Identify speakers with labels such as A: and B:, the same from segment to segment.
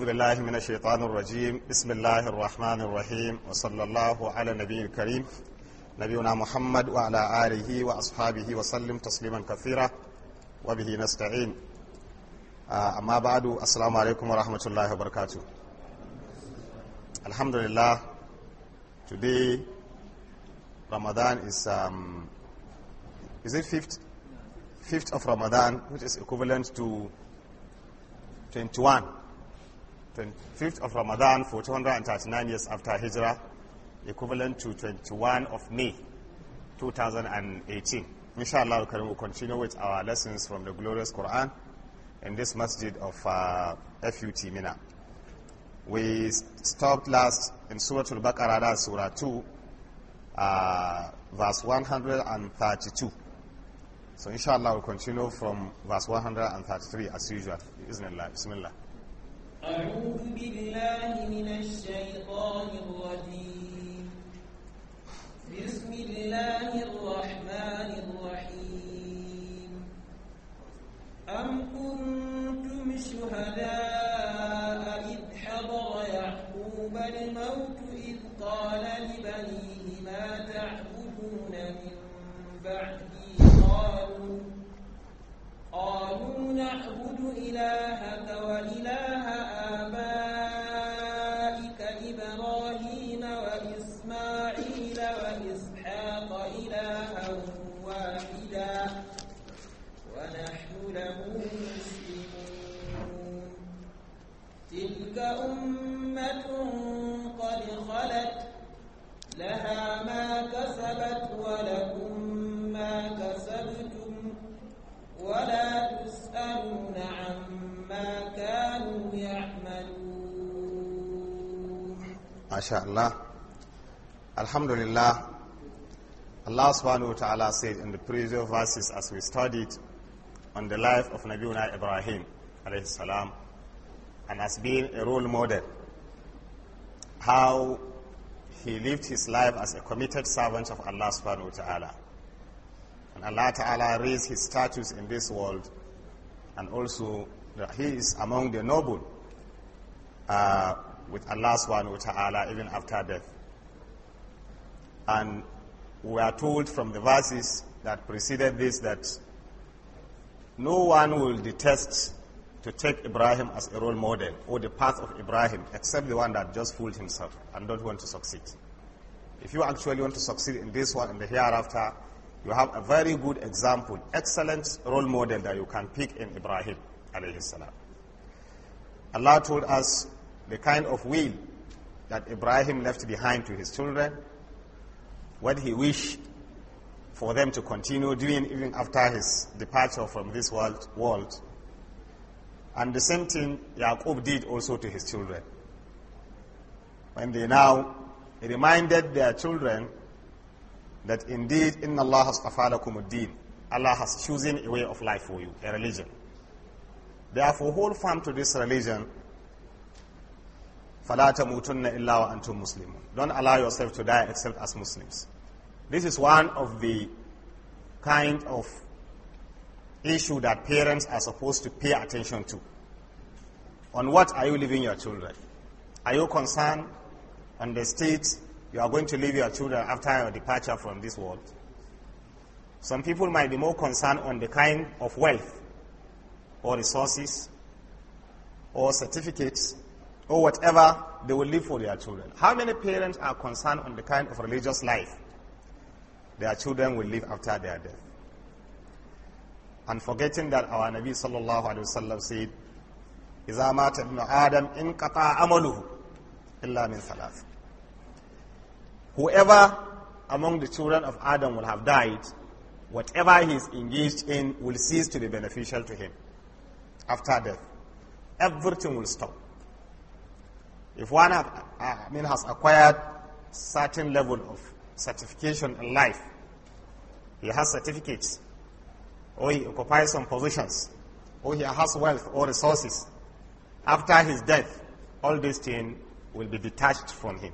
A: أعوذ بالله من الشيطان الرجيم بسم الله الرحمن الرحيم وصلى الله على النبي الكريم نبينا محمد وعلى آله وأصحابه وسلم تسليما كثيرا وبه نستعين أما بعد السلام عليكم ورحمة الله وبركاته الحمد لله today Ramadan is um, is it fifth fifth of Ramadan which is equivalent to 21 25th of Ramadan, 439 years after Hijrah, equivalent to 21 of May, 2018. Inshallah, we will continue with our lessons from the glorious Quran in this masjid of uh, FUT Mina. We stopped last in Surah Al-Baqarah, Surah 2, uh, verse 132. So inshallah, we'll continue from verse 133 as usual. it Bismillah. أعوذ بالله من الشيطان الرجيم بسم الله الرحمن الرحيم أم كنتم شهداء إذ حضر يعقوب الموت إذ قال لبنيه ما تعبدون من بعدي قالوا قالوا نعبد إلهك وإله آبائك إبراهيم وإسماعيل وإسحاق إلها واحدا ونحن له مسلمون تلك أمة قد خلت لها ما كسبت ولكم ما كسبتم ولا تسألون عما كانوا يعملون ما شاء الله الحمد Allah subhanahu wa ta'ala said in the previous verses as we studied on the life of Nabiuna Ibrahim alayhi salam and as being a role model how he lived his life as a committed servant of Allah subhanahu wa ta'ala And Allah Ta'ala raised his status in this world and also he is among the noble uh, with Allah subhanahu wa ta'ala even after death. And we are told from the verses that preceded this that no one will detest to take Ibrahim as a role model or the path of Ibrahim except the one that just fooled himself and don't want to succeed. If you actually want to succeed in this one and the hereafter, you have a very good example, excellent role model that you can pick in Ibrahim Allah told us the kind of will that Ibrahim left behind to his children, what he wished for them to continue doing even after his departure from this world, world. And the same thing Yaqub did also to his children. When they now reminded their children that indeed inna Allah has tafalakum Allah has chosen a way of life for you, a religion. Therefore, hold firm to this religion. مُسْلِمُونَ Don't allow yourself to die except as Muslims. This is one of the kind of issue that parents are supposed to pay attention to. On what are you leaving your children? Are you concerned on the state you are going to leave your children after your departure from this world. Some people might be more concerned on the kind of wealth or resources or certificates or whatever they will leave for their children. How many parents are concerned on the kind of religious life their children will live after their death? And forgetting that our Nabi sallallahu alayhi wasallam said, إِذَا مَاتَ ابْنُ آدَمْ إِنْ قَطَعَ أَمَلُهُ إِلَّا مِنْ ثَلَاثٍ Whoever among the children of Adam will have died, whatever he is engaged in will cease to be beneficial to him after death. Everything will stop. If one have, uh, I mean, has acquired certain level of certification in life, he has certificates, or he occupies some positions, or he has wealth or resources, after his death, all these things will be detached from him.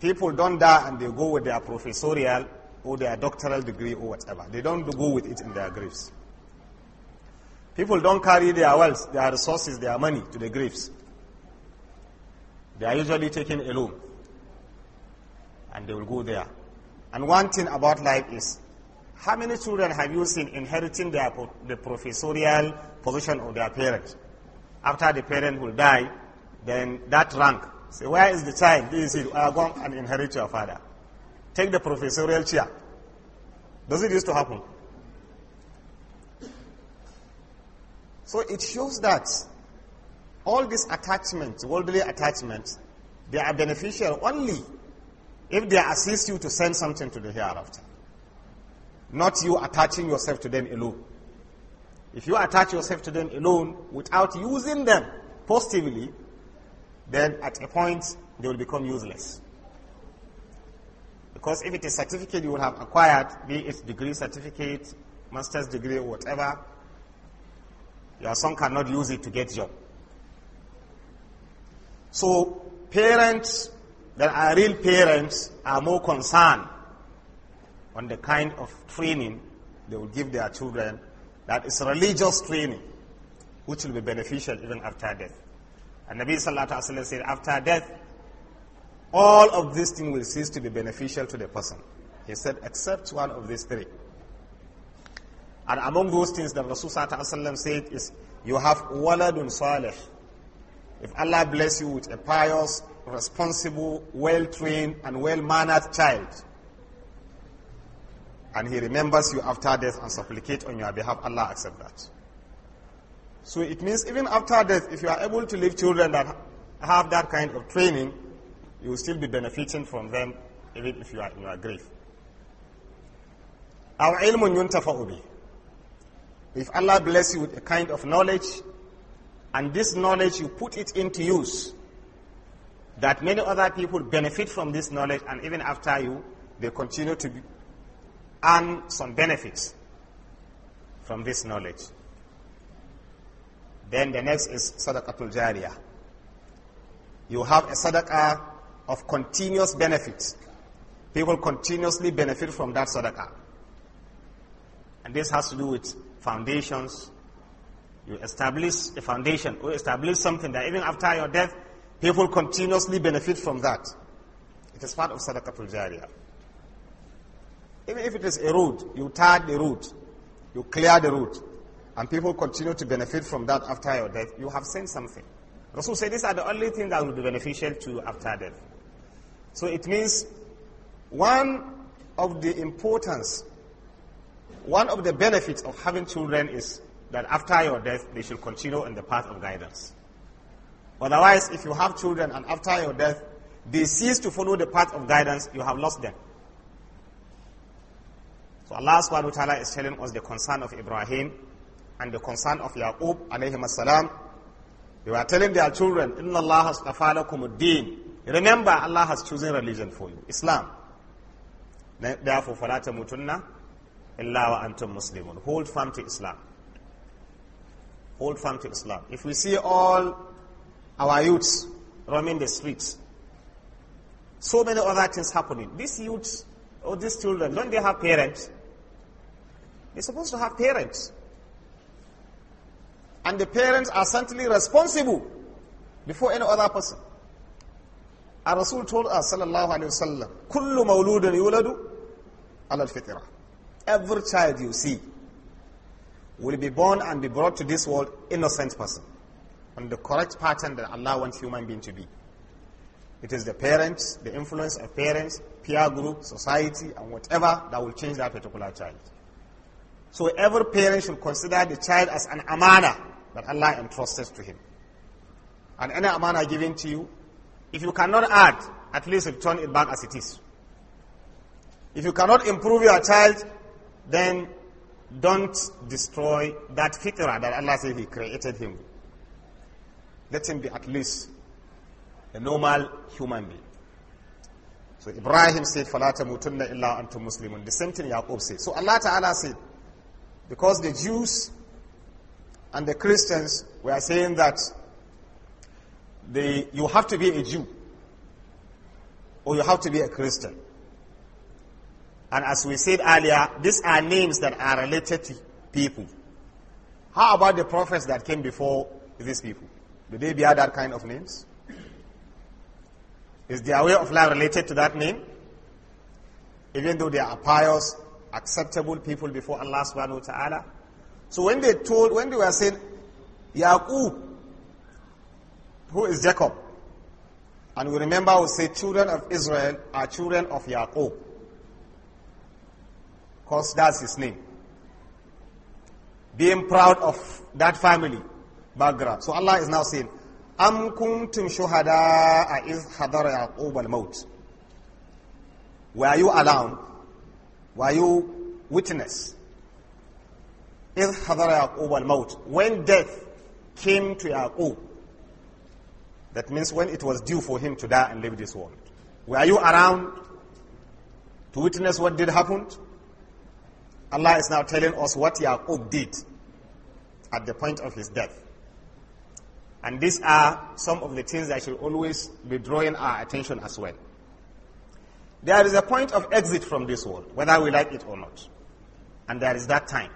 A: People don't die and they go with their professorial or their doctoral degree or whatever. They don't go with it in their graves. People don't carry their wealth, their resources, their money to the graves. They are usually taken alone. And they will go there. And one thing about life is, how many children have you seen inheriting their, the professorial position of their parents? After the parent will die, then that rank Say, where is the child? This is it. I go and inherit your father. Take the professorial chair. Does it used to happen? So it shows that all these attachments, worldly attachments, they are beneficial only if they assist you to send something to the hereafter. Not you attaching yourself to them alone. If you attach yourself to them alone without using them positively, then at a point they will become useless. Because if it is certificate you will have acquired, be it degree certificate, master's degree, whatever, your son cannot use it to get job. So parents that are real parents are more concerned on the kind of training they will give their children that is religious training, which will be beneficial even after death. And Nabi Sallallahu Alaihi Wasallam said, after death, all of these things will cease to be beneficial to the person. He said, except one of these three. And among those things that Rasul said is, you have waladun salih. If Allah bless you with a pious, responsible, well-trained, and well-mannered child, and he remembers you after death and supplicate on your behalf, Allah accept that. So it means even after death, if you are able to leave children that have that kind of training, you will still be benefiting from them even if you are in your grave. Our ilmun yuntafa'u bi. If Allah bless you with a kind of knowledge, and this knowledge you put it into use, that many other people benefit from this knowledge, and even after you, they continue to earn some benefits from this knowledge. Then the next is sadaqatul jariyah. You have a sadaqah of continuous benefit. People continuously benefit from that sadaqah. And this has to do with foundations. You establish a foundation or establish something that even after your death, people continuously benefit from that. It is part of sadaqatul jariyah. Even if it is a road, you tar the road, you clear the road, and people continue to benefit from that after your death, you have sent something. Rasul said these are the only things that will be beneficial to after death. So it means one of the importance, one of the benefits of having children is that after your death, they should continue on the path of guidance. Otherwise, if you have children and after your death, they cease to follow the path of guidance, you have lost them. So Allah subhanahu wa ta'ala is telling us the concern of Ibrahim and the concern of Yaqub alayhi salam. They were telling their children, Inna Allah has tafalakum ad Remember, Allah has chosen religion for you, Islam. Therefore, mutunna, Allah wa antum muslimun. Hold firm to Islam. Hold firm to Islam. If we see all our youths roaming the streets, so many other things happening. These youths or these children, don't they have parents? They're supposed to have parents and the parents are certainly responsible before any other person. Our Rasul told us, sallallahu alaihi wasallam, kullu mawludan yuladu ala al-fitra. Every child you see will be born and be brought to this world innocent person on the correct pattern that Allah wants human being to be. It is the parents, the influence of parents, peer group, society, and whatever that will change that particular child. So every parent should consider the child as an amana that Allah entrusts to him. And any amount give in to you, if you cannot add, at least return it back as it is. If you cannot improve your child, then don't destroy that fitrah that Allah said He created him. Let him be at least a normal human being. So Ibrahim said, فَلَا تَمُوتُنَّ إِلَّا أَنْتُمْ مُسْلِمُونَ The same thing Yaqub said. So Allah Ta'ala said, because the Jews and the Christians were saying that you have to be a Jew or you have to be a Christian. And as we said earlier, these are names that are related to people. How about the prophets that came before these people? Do they bear that kind of names? Is their way of life related to that name? Even though they are pious, acceptable people before Allah subhanahu wa ta'ala, so when they told, when they were saying, Yaqub, who is Jacob? And we remember we say children of Israel are children of Yaqub. Because that's his name. Being proud of that family background. So Allah is now saying, Am kuntum كنتم شهداء إذ حضر يعقوب الموت Were you alarmed? Were you witness إذ حضر when death came to Yaqub that means when it was due for him to die and leave this world were you around to witness what did happen Allah is now telling us what Yaqub did at the point of his death and these are some of the things that should always be drawing our attention as well there is a point of exit from this world whether we like it or not and there is that time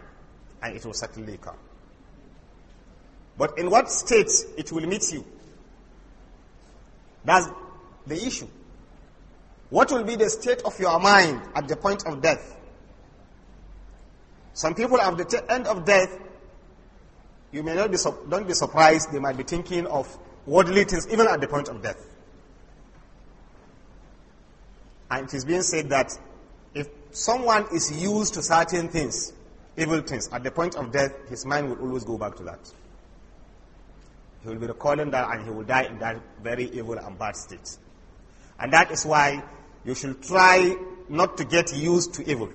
A: and it will certainly come. But in what state it will meet you? That's the issue. What will be the state of your mind at the point of death? Some people at the end of death, you may not be, don't be surprised, they might be thinking of worldly things even at the point of death. And it is being said that if someone is used to certain things, evil things, at the point of death, his mind will always go back to that. He will be recalling that and he will die in that very evil and bad state. And that is why you should try not to get used to evil.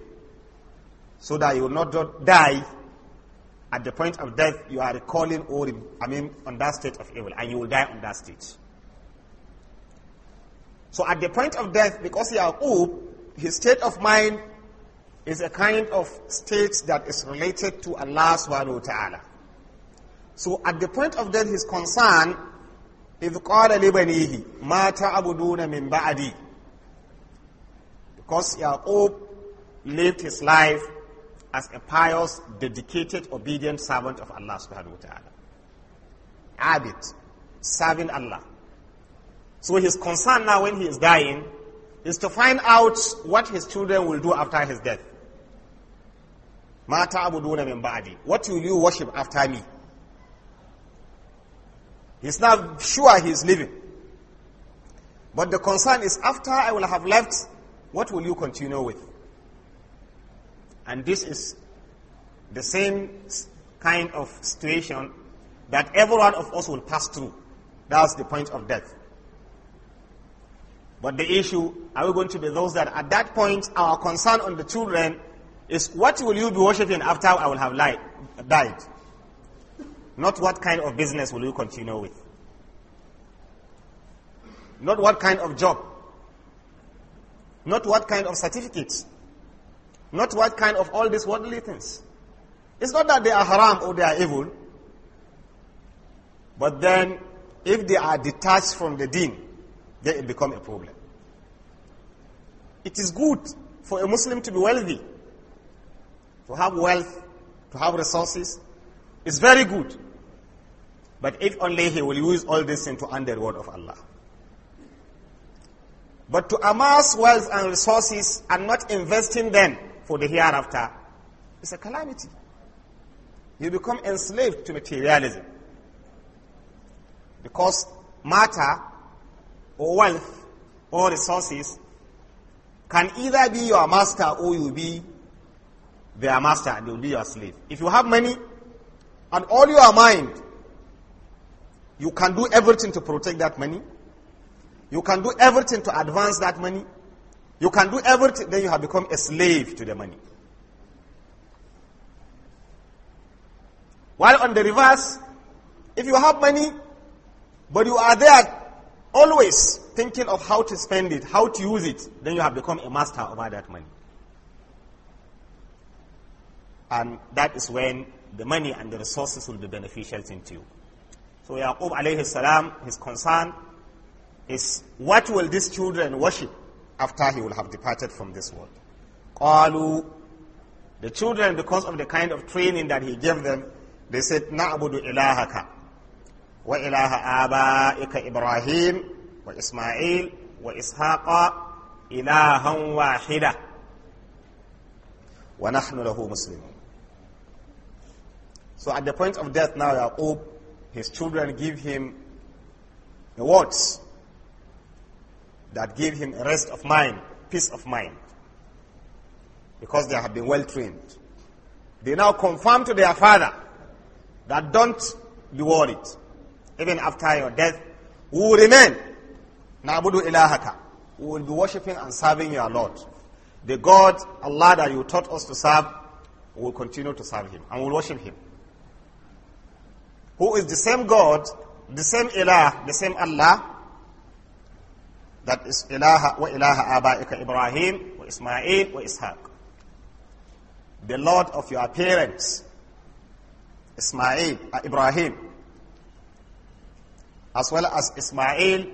A: So that you will not die at the point of death, you are recalling all. I mean, on that state of evil, and you will die on that state. So at the point of death, because Yaqub, his state of mind is a kind of state that is related to Allah subhanahu wa ta'ala. So at the point of death, his concern, إِذْ قَالَ لِبَنِيهِ مَا تَعْبُدُونَ مِنْ بَعَدِي Because Yaqub lived his life as a pious, dedicated, obedient servant of Allah subhanahu wa ta'ala. Abid, serving Allah. So his concern now when he is dying is to find out what his children will do after his death min ba'di. What will you worship after me? He's not sure he's living. But the concern is after I will have left, what will you continue with? And this is the same kind of situation that every one of us will pass through. That's the point of death. But the issue, are we going to be those that at that point, our concern on the children is what will you be worshipping after I will have died? Not what kind of business will you continue with? Not what kind of job? Not what kind of certificates? Not what kind of all these worldly things? It's not that they are haram or they are evil. But then, if they are detached from the deen, then it becomes a problem. It is good for a Muslim to be wealthy to have wealth, to have resources, is very good. But if only he will use all this things to earn the word of Allah. But to amass wealth and resources and not investing them for the hereafter is a calamity. You become enslaved to materialism. Because matter or wealth or resources can either be your master or you be their master, they will be your slave. If you have money and all your mind, you can do everything to protect that money. You can do everything to advance that money. You can do everything, then you have become a slave to the money. While on the reverse, if you have money, but you are there always thinking of how to spend it, how to use it, then you have become a master over that money and that is when the money and the resources will be beneficial to you. So Yaqub alayhi salam, his concern is what will these children worship after he will have departed from this world? Qalu, the children, because of the kind of training that he gave them, they said, Na'budu ilahaka wa ilaha aba'ika Ibrahim wa Ismail wa Ishaqa ilahan wahida wa nahnu lahu muslimun. So at the point of death now, Yaqub, his children give him the words that give him rest of mind, peace of mind, because they have been well trained. They now confirm to their father that don't be worried. Even after your death, we will remain. Na'budu ilahaka. We will be worshipping and serving your Lord. The God, Allah that you taught us to serve, we will continue to serve him and we will worship him who is the same God, the same Ilah, the same Allah, that is ilaha wa ilaha abaika Ibrahim wa Ismail wa Ishaq. The Lord of your parents, Ismail, uh, Ibrahim, as well as Ismail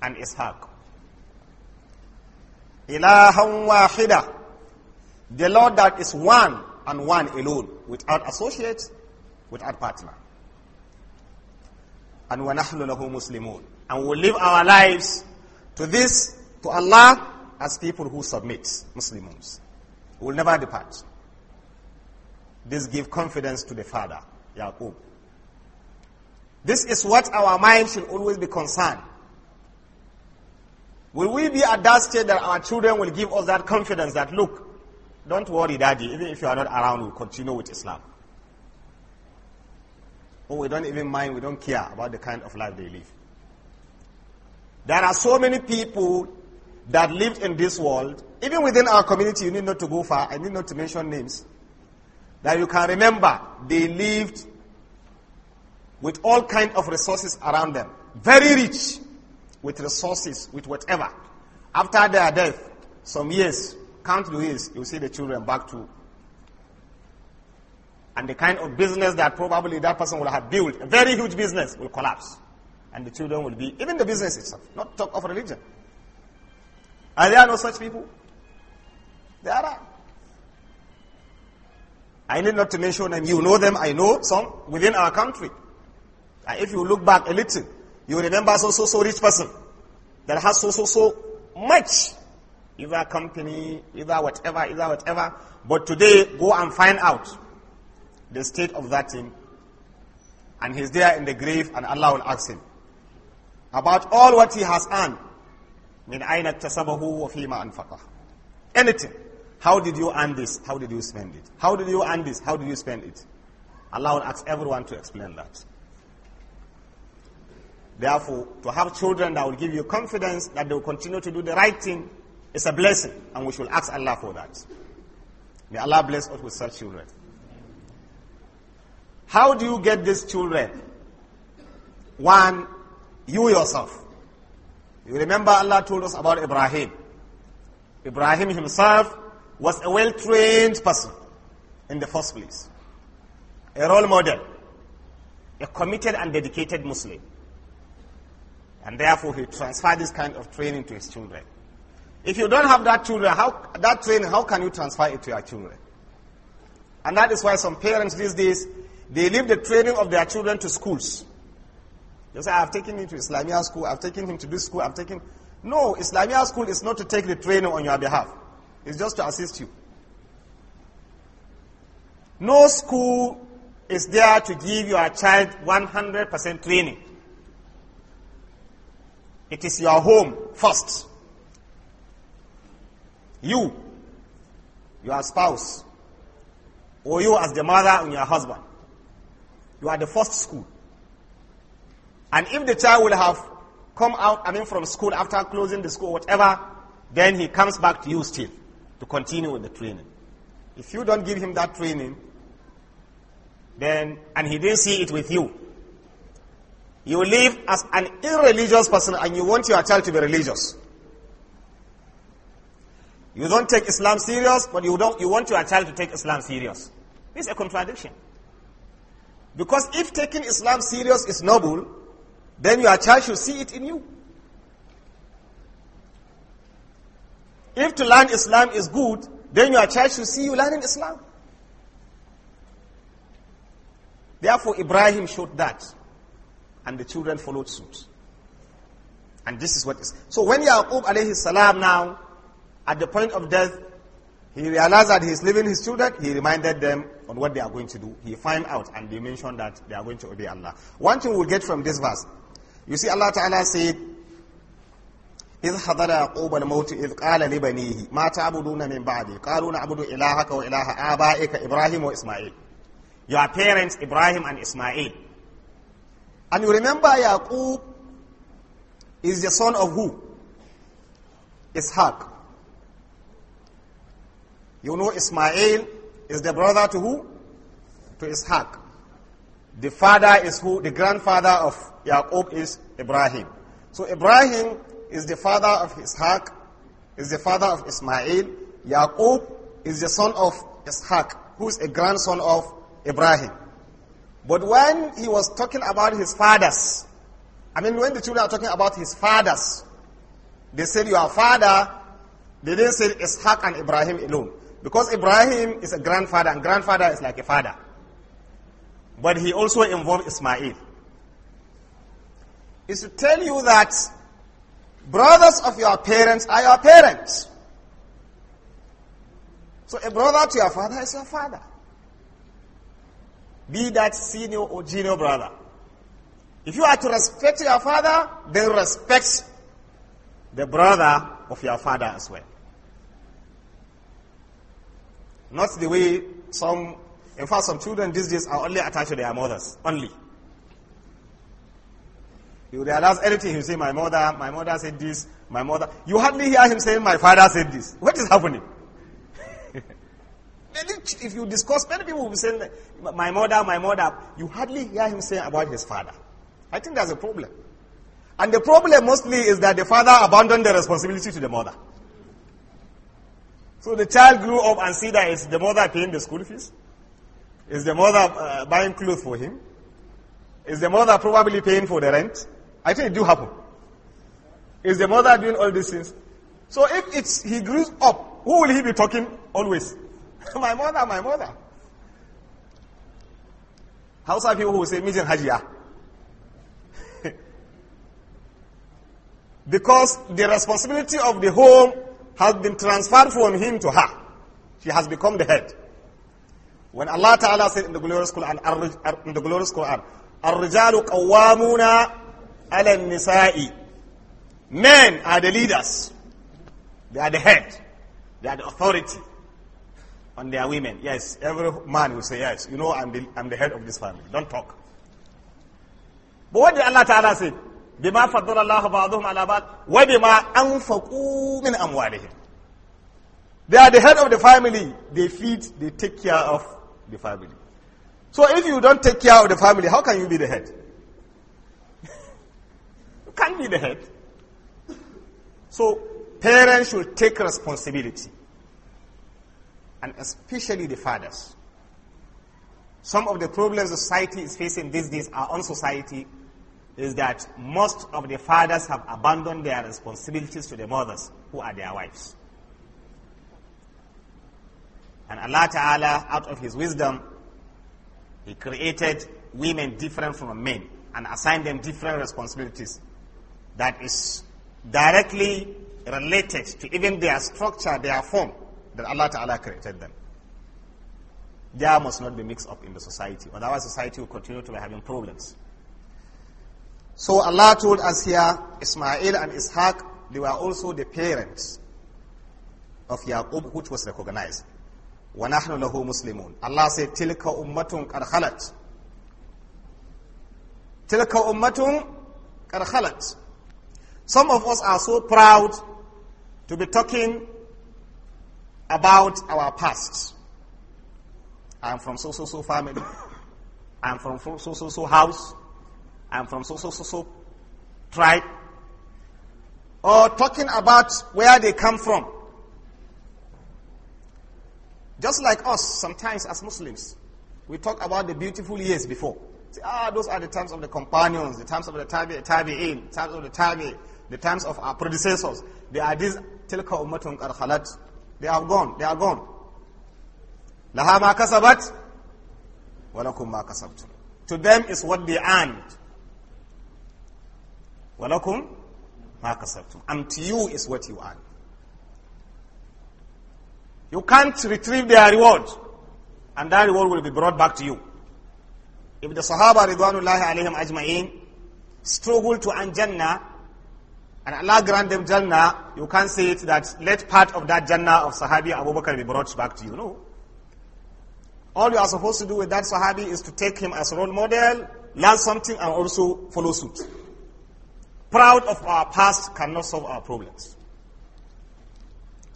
A: and Ishaq. Ilaha wahida, the Lord that is one and one alone, without associate, without partner and وَنَحْنُ لَهُ مُسْلِمُونَ And we'll live our lives to this, to Allah, as people who submit, Muslims. We'll never depart. This gives confidence to the father, Yaqub. This is what our mind should always be concerned. Will we be at that stage that our children will give us that confidence that, look, don't worry, daddy, even if you are not around, we'll continue with Islam we don't even mind, we don't care about the kind of life they live. There are so many people that lived in this world, even within our community, you need not to go far, I need not to mention names, that you can remember they lived with all kind of resources around them. Very rich with resources, with whatever. After their death, some years, count the years, you see the children back to and the kind of business that probably that person will have built, a very huge business, will collapse. And the children will be, even the business itself, not talk of religion. Are there no such people? There are. I need not to mention them. You know them, I know some within our country. And if you look back a little, you remember so, so, so rich person that has so, so, so much. Either company, either whatever, either whatever. But today, go and find out the state of that thing, and he's there in the grave, and Allah will ask him about all what he has earned. tasabahu Anything. How did you earn this? How did you spend it? How did you earn this? How did you spend it? Allah will ask everyone to explain that. Therefore, to have children that will give you confidence that they will continue to do the right thing is a blessing, and we should ask Allah for that. May Allah bless us with such children. How do you get these children? One, you yourself. You remember Allah told us about Ibrahim. Ibrahim himself was a well-trained person in the first place. A role model. A committed and dedicated Muslim. And therefore he transferred this kind of training to his children. If you don't have that children, how, that training, how can you transfer it to your children? And that is why some parents these days, they leave the training of their children to schools. They say, I've taken him to Islamia school, I've taken him to this school, I've taken... No, Islamia school is not to take the training on your behalf. It's just to assist you. No school is there to give your child 100% training. It is your home first. You, your spouse, or you as the mother and your husband. You are the first school. And if the child will have come out, I mean, from school after closing the school, whatever, then he comes back to you still to continue with the training. If you don't give him that training, then, and he didn't see it with you, you live as an irreligious person and you want your child to be religious. You don't take Islam serious, but you, don't, you want your child to take Islam serious. This is a contradiction. Because if taking Islam serious is noble, then your child should see it in you. If to learn Islam is good, then your child should see you learning Islam. Therefore, Ibrahim showed that, and the children followed suit. And this is what is. So when Yaqub alayhi salam now, at the point of death, he realized that he is leaving his children, he reminded them on what they are going to do. He find out and they mention that they are going to obey Allah. One thing we get from this verse, you see Allah Ta'ala said, إذ حضر يعقوب الموت إذ قال لبنيه ما تعبدون من بعدي قالوا نعبد إلهك وإله آبائك إبراهيم وإسماعيل Your parents Ibrahim and Ismail. And you remember Yaqub is the son of who? Ishaq. You know Ismail is the brother to who? To Ishaq. The father is who? The grandfather of Yaqub is Ibrahim. So Ibrahim is the father of Ishaq, is the father of Ismail. Yaqub is the son of Ishaq, who is a grandson of Ibrahim. But when he was talking about his fathers, I mean, when the children are talking about his fathers, they said, Your father, they didn't say Ishaq and Ibrahim alone. Because Ibrahim is a grandfather, and grandfather is like a father. But he also involved Ismail. Is to tell you that brothers of your parents are your parents. So a brother to your father is your father. Be that senior or junior brother. If you are to respect your father, then respect the brother of your father as well. Not the way some, in fact, some children these days are only attached to their mothers, only. You realize anything you say, my mother, my mother said this, my mother. You hardly hear him saying, my father said this. What is happening? Many, if you discuss, many people will be saying, my mother, my mother. You hardly hear him saying about his father. I think that's a problem. And the problem mostly is that the father abandoned the responsibility to the mother. So the child grew up and see that it's the mother paying the school fees. Is the mother uh, buying clothes for him? Is the mother probably paying for the rent? I think it do happen. Is the mother doing all these things? So if it's he grows up, who will he be talking always? my mother, my mother. How some people who say meeting Hajia? because the responsibility of the home has been transferred from him to her. She has become the head. When Allah Ta'ala said in the glorious Quran, in the glorious Quran, الرجال قوامون على النساء Men are the leaders. They are the head. They are the authority on their women. Yes, every man will say, yes, you know I'm the, I'm the head of this family. Don't talk. But what did Allah Ta'ala say? they are the head of the family they feed they take care of the family so if you don't take care of the family how can you be the head you can't be the head so parents should take responsibility and especially the fathers some of the problems society is facing these days are on society is that most of the fathers have abandoned their responsibilities to the mothers who are their wives. And Allah Ta'ala, out of His wisdom, He created women different from men and assigned them different responsibilities that is directly related to even their structure, their form that Allah Ta'ala created them. There must not be mixed up in the society, otherwise society will continue to be having problems. So Allah told us here, Ismail and Ishaq, they were also the parents of Yaqub, which was recognized. وَنَحْنُ لَهُ مُسْلِمُونَ Allah said, تِلْكَ أُمَّةٌ قَدْ خَلَتْ تِلْكَ أُمَّةٌ قَدْ خَلَتْ Some of us are so proud to be talking about our past. I'm from so-so-so family. I'm from so-so-so house. I'm from so, so, so, so tribe. Or talking about where they come from. Just like us, sometimes as Muslims, we talk about the beautiful years before. Say, ah, those are the times of the companions, the times of the tabi'in, tabi times of the tabi'in, the times of our predecessors. They are these tilka ummatun They are gone, they are gone. La hamakasabat. kasabat wa lakum To them is what they earned. وَلَكُمْ مَا كَسَبْتُمْ And to you is what you earn. You can't retrieve their reward. And that reward will be brought back to you. If the Sahaba Ridwanullahi alayhim ajma'in struggle to earn Jannah, and Allah grant them Jannah, you can't say it that let part of that Jannah of Sahabi Abu Bakr be brought back to you. No. All you are supposed to do with that Sahabi is to take him as a role model, learn something, and also follow suit proud of our past cannot solve our problems.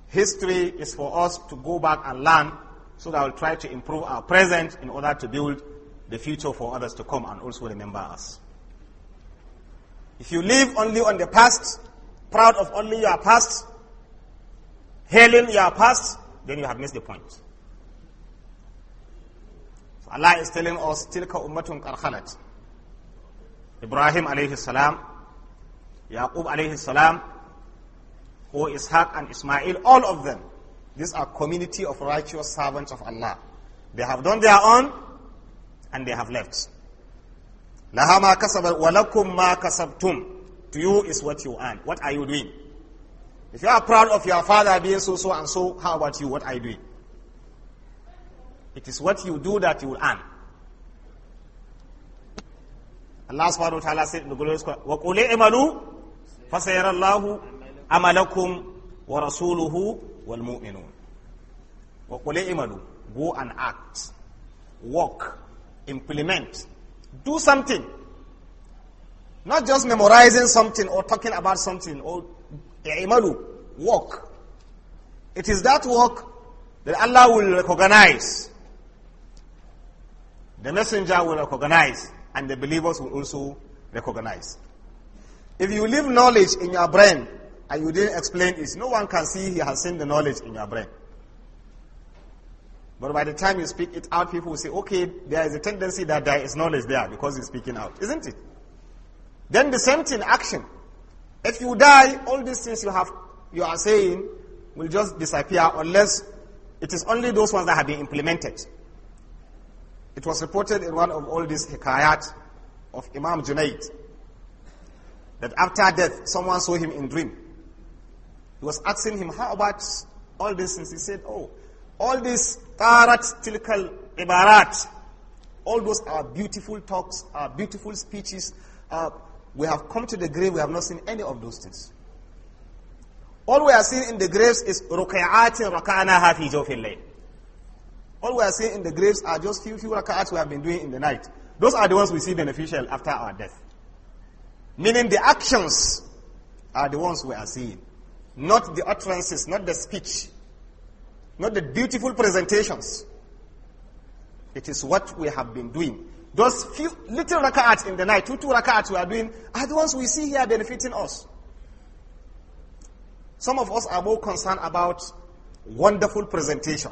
A: History is for us to go back and learn so that we'll try to improve our present in order to build the future for others to come and also remember us. If you live only on the past, proud of only your past, hailing your past, then you have missed the point. So Allah is telling us, Ibrahim alayhi salam Yaqub alayhi salam, or Ishaq and Ismail, all of them. These are community of righteous servants of Allah. They have done their own and they have left. Laha ma kasabat walakum ma tum. To you is what you earn. What are you doing? If you are proud of your father being so, so, and so, how about you? What are you doing? It is what you do that you will earn. Allah subhanahu wa ta'ala said in the glorious Quran, فسيرى الله عملكم ورسوله والمؤمنون وقل اعملوا go and act work implement do something not just memorizing something or talking about something or i'malu work it is that work that Allah will recognize the messenger will recognize and the believers will also recognize if you leave knowledge in your brain and you didn't explain it, no one can see he has seen the knowledge in your brain. But by the time you speak it out, people will say, okay, there is a tendency that there is knowledge there because you're speaking out, isn't it? Then the same thing, action. If you die, all these things you have, you are saying will just disappear unless it is only those ones that have been implemented. It was reported in one of all these hikayat of Imam Junaid that after death, someone saw him in dream. He was asking him, how about all these things? He said, oh, all these tarat tilkal ibarat, all those are beautiful talks, are beautiful speeches. Uh, we have come to the grave, we have not seen any of those things. All we are seeing in the graves is ruqya'atin raka'anaha fi All we are seeing in the graves are just few few raka'ats we have been doing in the night. Those are the ones we see beneficial after our death. Meaning the actions are the ones we are seeing, not the utterances, not the speech, not the beautiful presentations. It is what we have been doing. Those few little rak'ats in the night, two, two rak'ats we are doing, are the ones we see here benefiting us. Some of us are more concerned about wonderful presentation,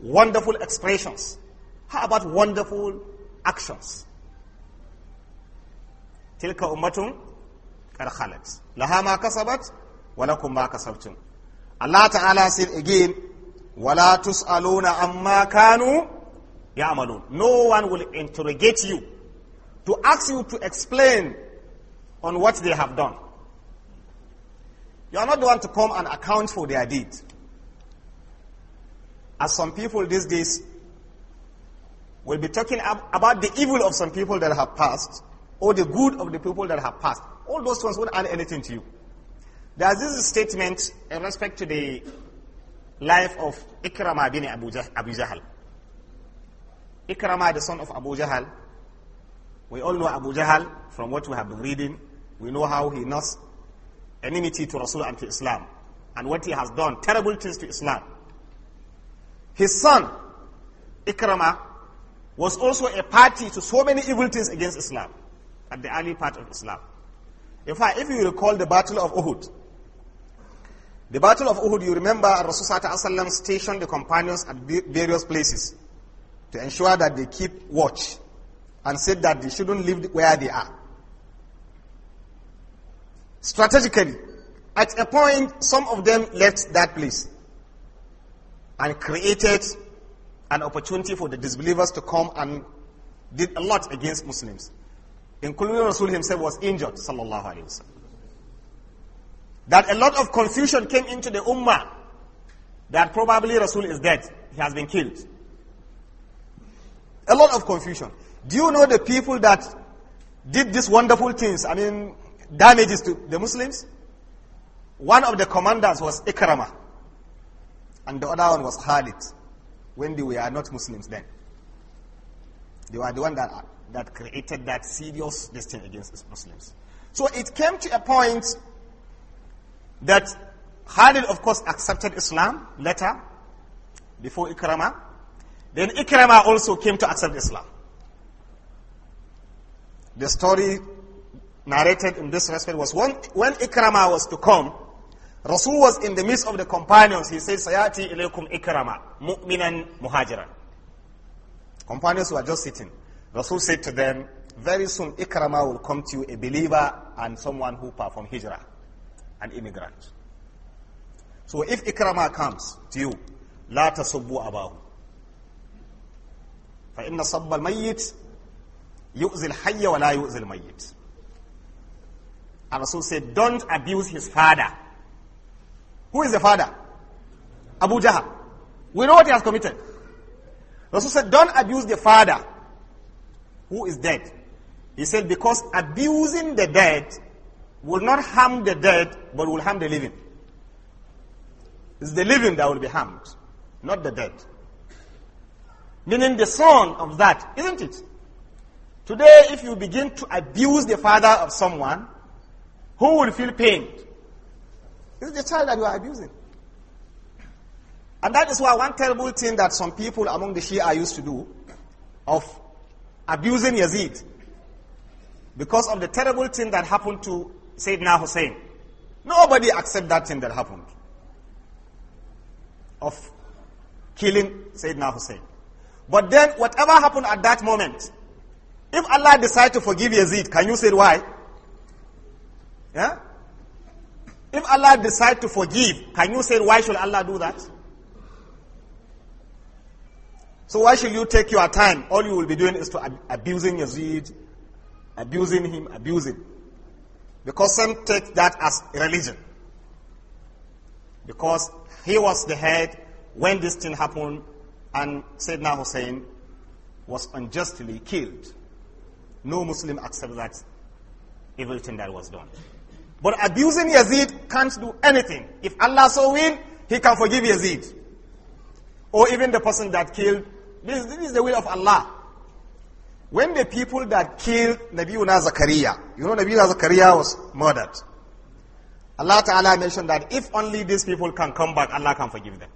A: wonderful expressions. How about wonderful actions? تلك أمة قد خلت لها ما كسبت ولكم ما كسبتم Allah Ta'ala said again, وَلَا تُسْأَلُونَ أَمَّا كَانُوا يَعْمَلُونَ No one will interrogate you to ask you to explain on what they have done. You are not the one to come and account for their deed. As some people these days will be talking ab about the evil of some people that have passed, or the good of the people that have passed. All those ones won't add anything to you. There's this statement in respect to the life of Ikrama bin Abu, Jah Abu Jahal. Ikrama, the son of Abu Jahal. We all know Abu Jahal from what we have been reading. We know how he nursed enmity to Rasul and to Islam. And what he has done, terrible things to Islam. His son, Ikrama, was also a party to so many evil things against Islam at the early part of Islam. In fact, if you recall the Battle of Uhud, the Battle of Uhud, you remember Rasulullah stationed the companions at various places to ensure that they keep watch and said that they shouldn't live where they are. Strategically, at a point, some of them left that place and created an opportunity for the disbelievers to come and did a lot against Muslims including Rasul himself, was injured, sallallahu alayhi wasallam. That a lot of confusion came into the ummah that probably Rasul is dead, he has been killed. A lot of confusion. Do you know the people that did these wonderful things, I mean, damages to the Muslims? One of the commanders was Ikrama, and the other one was Khalid, when they were not Muslims then. They were the one that that created that serious destiny against Muslims. So it came to a point that Khalid, of course, accepted Islam later, before Ikrama. Then Ikrama also came to accept Islam. The story narrated in this respect was when, when Ikrama was to come, Rasul was in the midst of the companions. He said, Sayati ilaykum Ikrama, mu'minan muhajiran. Companions were just sitting. Rasul said to them, very soon Ikrama will come to you, a believer and someone who performed hijrah, an immigrant. So if Ikrama comes to you, لا تسبوا أباه فإن صب الميت يؤذي الحي ولا يؤذي الميت and Rasul said don't abuse his father who is the father? Abu Jahab. we know what he has committed Rasul said don't abuse the father who is dead. He said, because abusing the dead will not harm the dead, but will harm the living. It's the living that will be harmed, not the dead. Meaning the son of that, isn't it? Today, if you begin to abuse the father of someone, who will feel pain? It's the child that you are abusing. And that is why one terrible thing that some people among the Shia used to do, of abusing Yazid because of the terrible thing that happened to Sayyidina Hussein. Nobody accept that thing that happened of killing Sayyidina Hussein. But then whatever happened at that moment, if Allah decide to forgive Yazid, can you say why? Yeah? If Allah decide to forgive, can you say why should Allah do that? So why should you take your time? All you will be doing is to ab abusing Yazid, abusing him, abusing. Because some take that as religion. Because he was the head when this thing happened and Sayyidina Hussein was unjustly killed. No Muslim accepts that evil thing that was done. But abusing Yazid can't do anything. If Allah so will, he can forgive Yazid. Or even the person that killed this, this is the will of Allah. When the people that killed Nabiuna Zakaria, you know Nabiuna Zakaria was murdered. Allah Ta'ala mentioned that if only these people can come back, Allah can forgive them.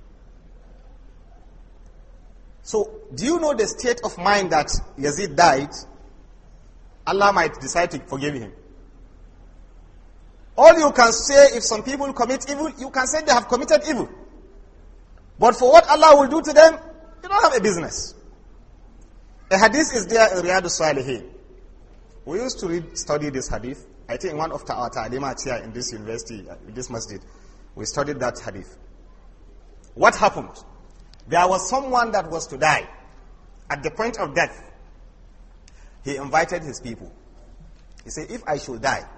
A: So, do you know the state of mind that Yazid died? Allah might decide to forgive him. All you can say if some people commit evil, you can say they have committed evil. But for what Allah will do to them, don't have a business. A hadith is there in Riyadh Salihin. We used to read, study this hadith. I think one of our ta'alimat here in this university, uh, in this masjid, we studied that hadith. What happened? There was someone that was to die. At the point of death, he invited his people. He said, if I should die,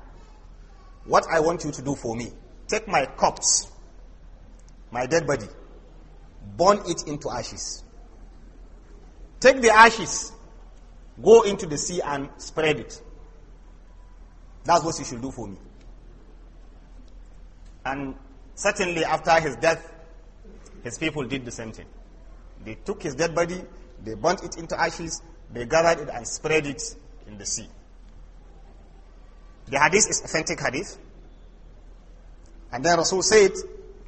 A: what I want you to do for me, take my corpse, my dead body, burn it into ashes. Take the ashes, go into the sea and spread it. That's what you should do for me. And certainly after his death, his people did the same thing. They took his dead body, they burnt it into ashes, they gathered it and spread it in the sea. The hadith is authentic hadith. And then Rasul said,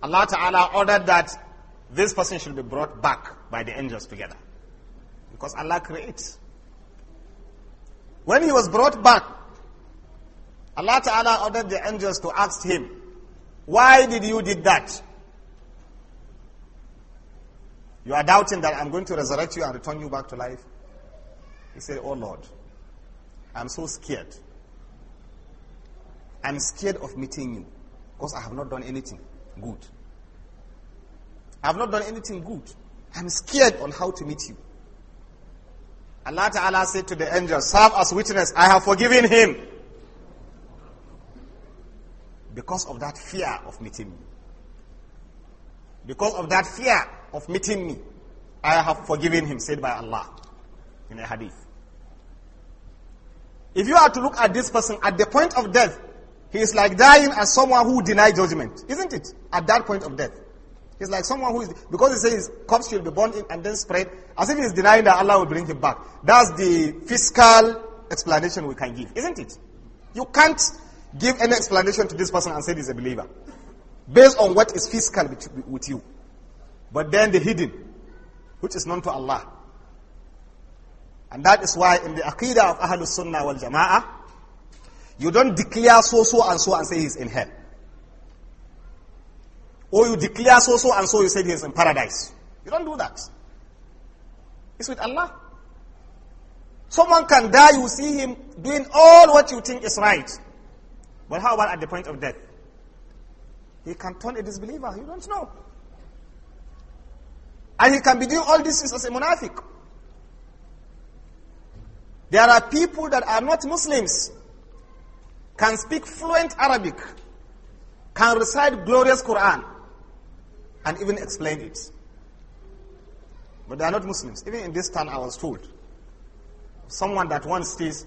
A: Allah Ta'ala ordered that this person should be brought back by the angels together. Because Allah creates. When he was brought back, Allah Ta'ala ordered the angels to ask him, why did you did that? You are doubting that I'm going to resurrect you and return you back to life. He said, oh Lord, I'm so scared. I'm scared of meeting you because I have not done anything good. I have not done anything good. I'm scared on how to meet you. Allah Ta'ala said to the angel, serve as witness, I have forgiven him. Because of that fear of meeting me. Because of that fear of meeting me, I have forgiven him, said by Allah in a hadith. If you are to look at this person at the point of death, he is like dying as someone who denied judgment, isn't it? At that point of death. It's like someone who is, because he says corpse will be born and then spread, as if he's denying that Allah will bring him back. That's the fiscal explanation we can give, isn't it? You can't give any explanation to this person and say he's a believer. Based on what is fiscal with you. But then the hidden, which is known to Allah. And that is why in the Aqidah of Ahlul Sunnah wal Jama'ah, you don't declare so, so, and so and say he's in hell. Or oh, you declare so, so, and so, you said he is in paradise. You don't do that. It's with Allah. Someone can die, you see him doing all what you think is right. But how about at the point of death? He can turn a disbeliever. You don't know. And he can be doing all these things as a monarchic. There are people that are not Muslims, can speak fluent Arabic, can recite glorious Quran, and even explain it. But they are not Muslims. Even in this town, I was told someone that once this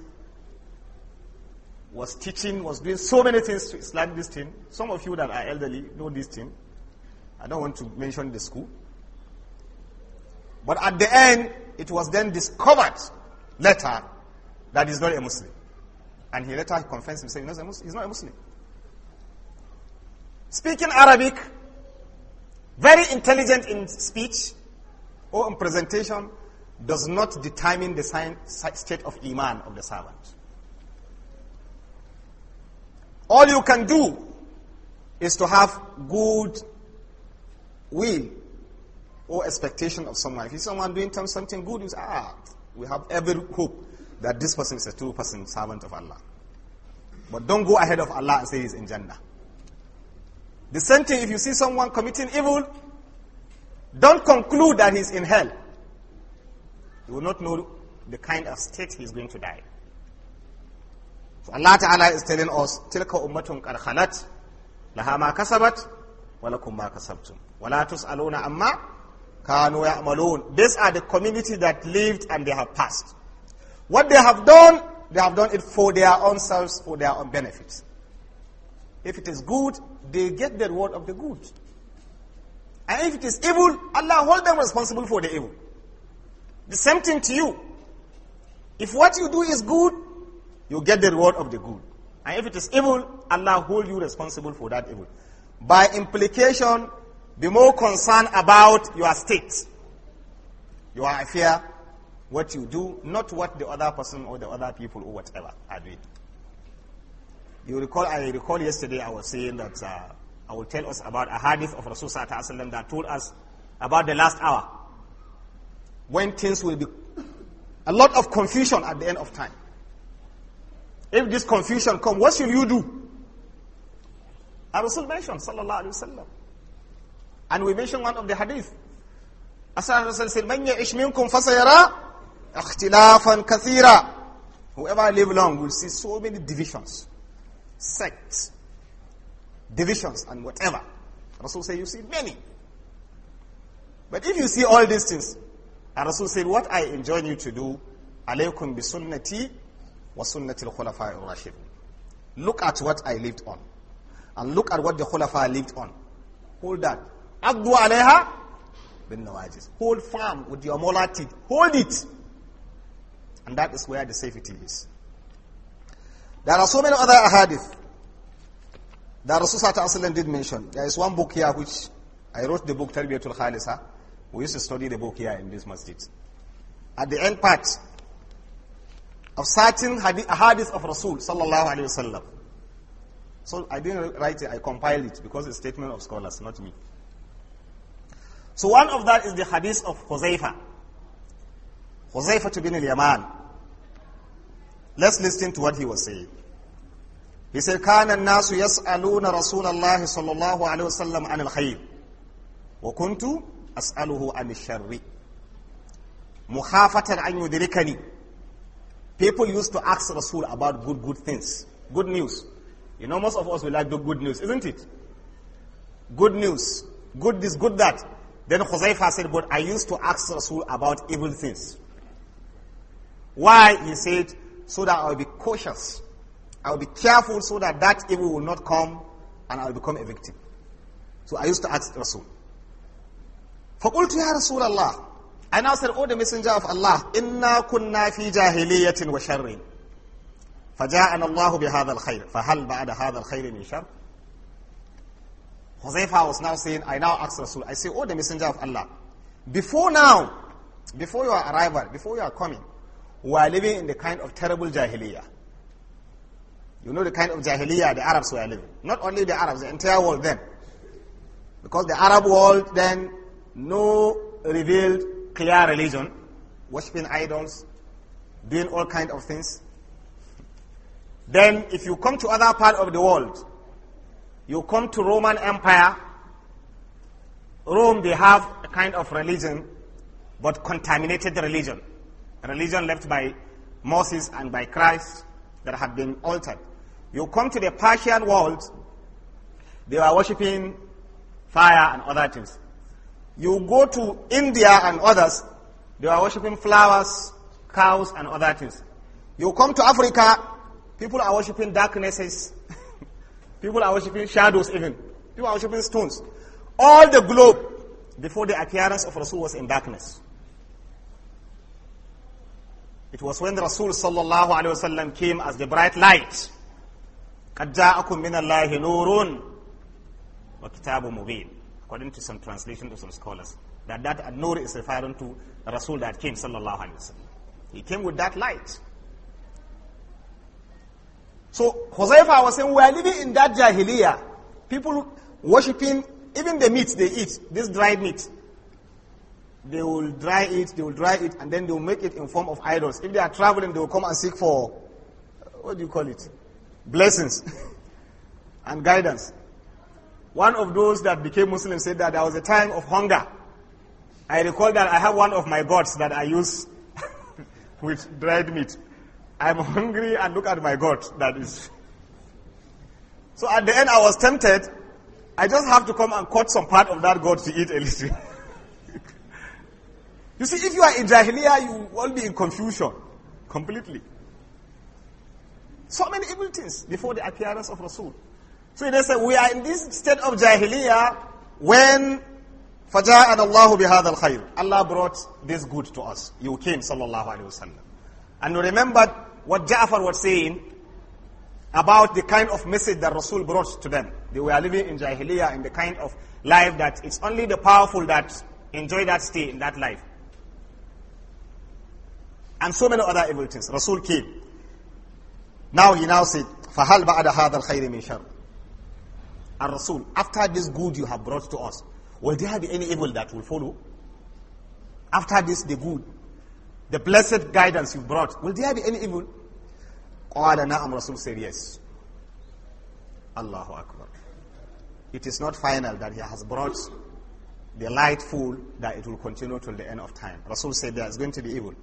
A: was teaching, was doing so many things to Islam this thing. Some of you that are elderly know this thing. I don't want to mention the school. But at the end, it was then discovered later that he's not a Muslim. And he later confessed himself, he's not a Muslim. He's not a Muslim. Speaking Arabic, very intelligent in speech or in presentation does not determine the state of iman of the servant. All you can do is to have good will or expectation of someone. If someone doing something good, you say, ah, we have every hope that this person is a true person, servant of Allah. But don't go ahead of Allah and say he's in Jannah. The same thing if you see someone committing evil, don't conclude that he's in hell. You will not know the kind of state he's going to die. So Allah Ta'ala is telling us, تِلْكَ أُمَّةٌ قَدْ خَلَتْ لَهَا مَا كَسَبَتْ وَلَكُمْ مَا كَسَبْتُمْ وَلَا تُسْأَلُونَ أَمَّا كَانُوا These are the community that lived and they have passed. What they have done, they have done it for their own selves, for their own benefits. If it is good, they get the reward of the good. And if it is evil, Allah hold them responsible for the evil. The same thing to you. If what you do is good, you get the reward of the good. And if it is evil, Allah hold you responsible for that evil. By implication, be more concerned about your state, your affair, what you do, not what the other person or the other people or whatever are doing. You recall, I recall yesterday I was saying that uh, I will tell us about a hadith of Rasulullah Sallallahu that told us about the last hour. When things will be a lot of confusion at the end of time. If this confusion comes, what should you do? Our Rasul mentioned, Sallallahu Alaihi Wasallam. And we mentioned one of the hadith. as said, Whoever live long will see so many divisions sects, divisions, and whatever. Rasul said, You see many. But if you see all these things, and Rasul said, What I enjoin you to do, alaykum bi sunnati wa sunnati al khulafa rashid. Look at what I lived on. And look at what the khulafa lived on. Hold that. Abdu alayha bin nawajis. Hold firm with your molar teeth. Hold it. And that is where the safety is. There are so many other ahadith that Rasul did mention. There is one book here which I wrote the book Tarbiyatul Khalisa. We used to study the book here in this masjid. At the end part of certain hadith, of Rasul Sallallahu Alaihi Wasallam. So I didn't write it, I compiled it because it's a statement of scholars, not me. So one of that is the hadith of Huzaifa. Huzaifa bin al-Yaman Let's listen to what he was saying. He said, كان الناس يسألون رسول الله صلى الله عليه وسلم عن الخير وكنت أسأله عن الشر مخافة أن يدركني People used to ask Rasul about good, good things, good news. You know, most of us we like the good news, isn't it? Good news, good this, good that. Then Khuzaifa said, but I used to ask Rasul about evil things. Why? He said, so that I will be cautious. I will be careful so that that evil will not come and I will become a victim. So I used to ask Rasul. فَقُلْتُ يَا رَسُولَ اللَّهِ I now said, Oh, the messenger of Allah, إِنَّا كُنَّا فِي جَاهِلِيَّةٍ وَشَرِّينَ فَجَاءَنَا اللَّهُ بِهَذَا الْخَيْرِ فَهَلْ بَعْدَ هَذَا الْخَيْرِ مِنْ شَرٍّ Huzaifa was now saying, I now ask Rasul, I say, Oh, the messenger of Allah, before now, before your arrival, before you are coming, who are living in the kind of terrible jahiliyyah. You know the kind of jahiliyyah the Arabs were living. Not only the Arabs, the entire world then. Because the Arab world then, no revealed clear religion, worshipping idols, doing all kind of things. Then if you come to other part of the world, you come to Roman Empire, Rome they have a kind of religion, but contaminated religion religion left by Moses and by Christ that had been altered. You come to the Persian world, they were worshipping fire and other things. You go to India and others, they were worshipping flowers, cows, and other things. You come to Africa, people are worshipping darknesses, people are worshipping shadows, even people are worshipping stones. All the globe before the appearance of Rasul was in darkness. It was when Rasul sallallahu alayhi wasallam came as the bright light. قَدْ مِنَ اللَّهِ نُورٌ وَكِتَابٌ مُبِينٌ According to some translation of some scholars, that that nur is referring to Rasul that came sallallahu alayhi wasallam. He came with that light. So Hoseifa was saying, we are living in that jahiliyyah. People worshipping even the meat they eat, this dried meat. They will dry it, they will dry it, and then they will make it in form of idols. If they are traveling, they will come and seek for, uh, what do you call it? Blessings and guidance. One of those that became Muslim said that there was a time of hunger. I recall that I have one of my gods that I use with dried meat. I'm hungry and look at my God that is. So at the end I was tempted. I just have to come and cut some part of that God to eat a little. You see, if you are in jahiliya, you will be in confusion completely. So many evil things before the appearance of Rasul. So they say, we are in this state of jahiliya when Fajr and Allah بِهَذَا الْخَيْرِ Allah brought this good to us. You came, sallallahu alayhi wasallam. And you remembered what Ja'far was saying about the kind of message that Rasul brought to them. They were living in jahiliya in the kind of life that it's only the powerful that enjoy that stay in that life and so many other evil things. Rasul came. Now he now said, فَهَلْ بَعْدَ هَذَا الْخَيْرِ مِنْ شَرٍ And Rasul, after this good you have brought to us, will there be any evil that will follow? After this, the good, the blessed guidance you brought, will there be any evil? قَالَ نَعَمْ Rasul said yes. Allahu Akbar. It is not final that he has brought the light full that it will continue till the end of time. Rasul said there is going to be evil.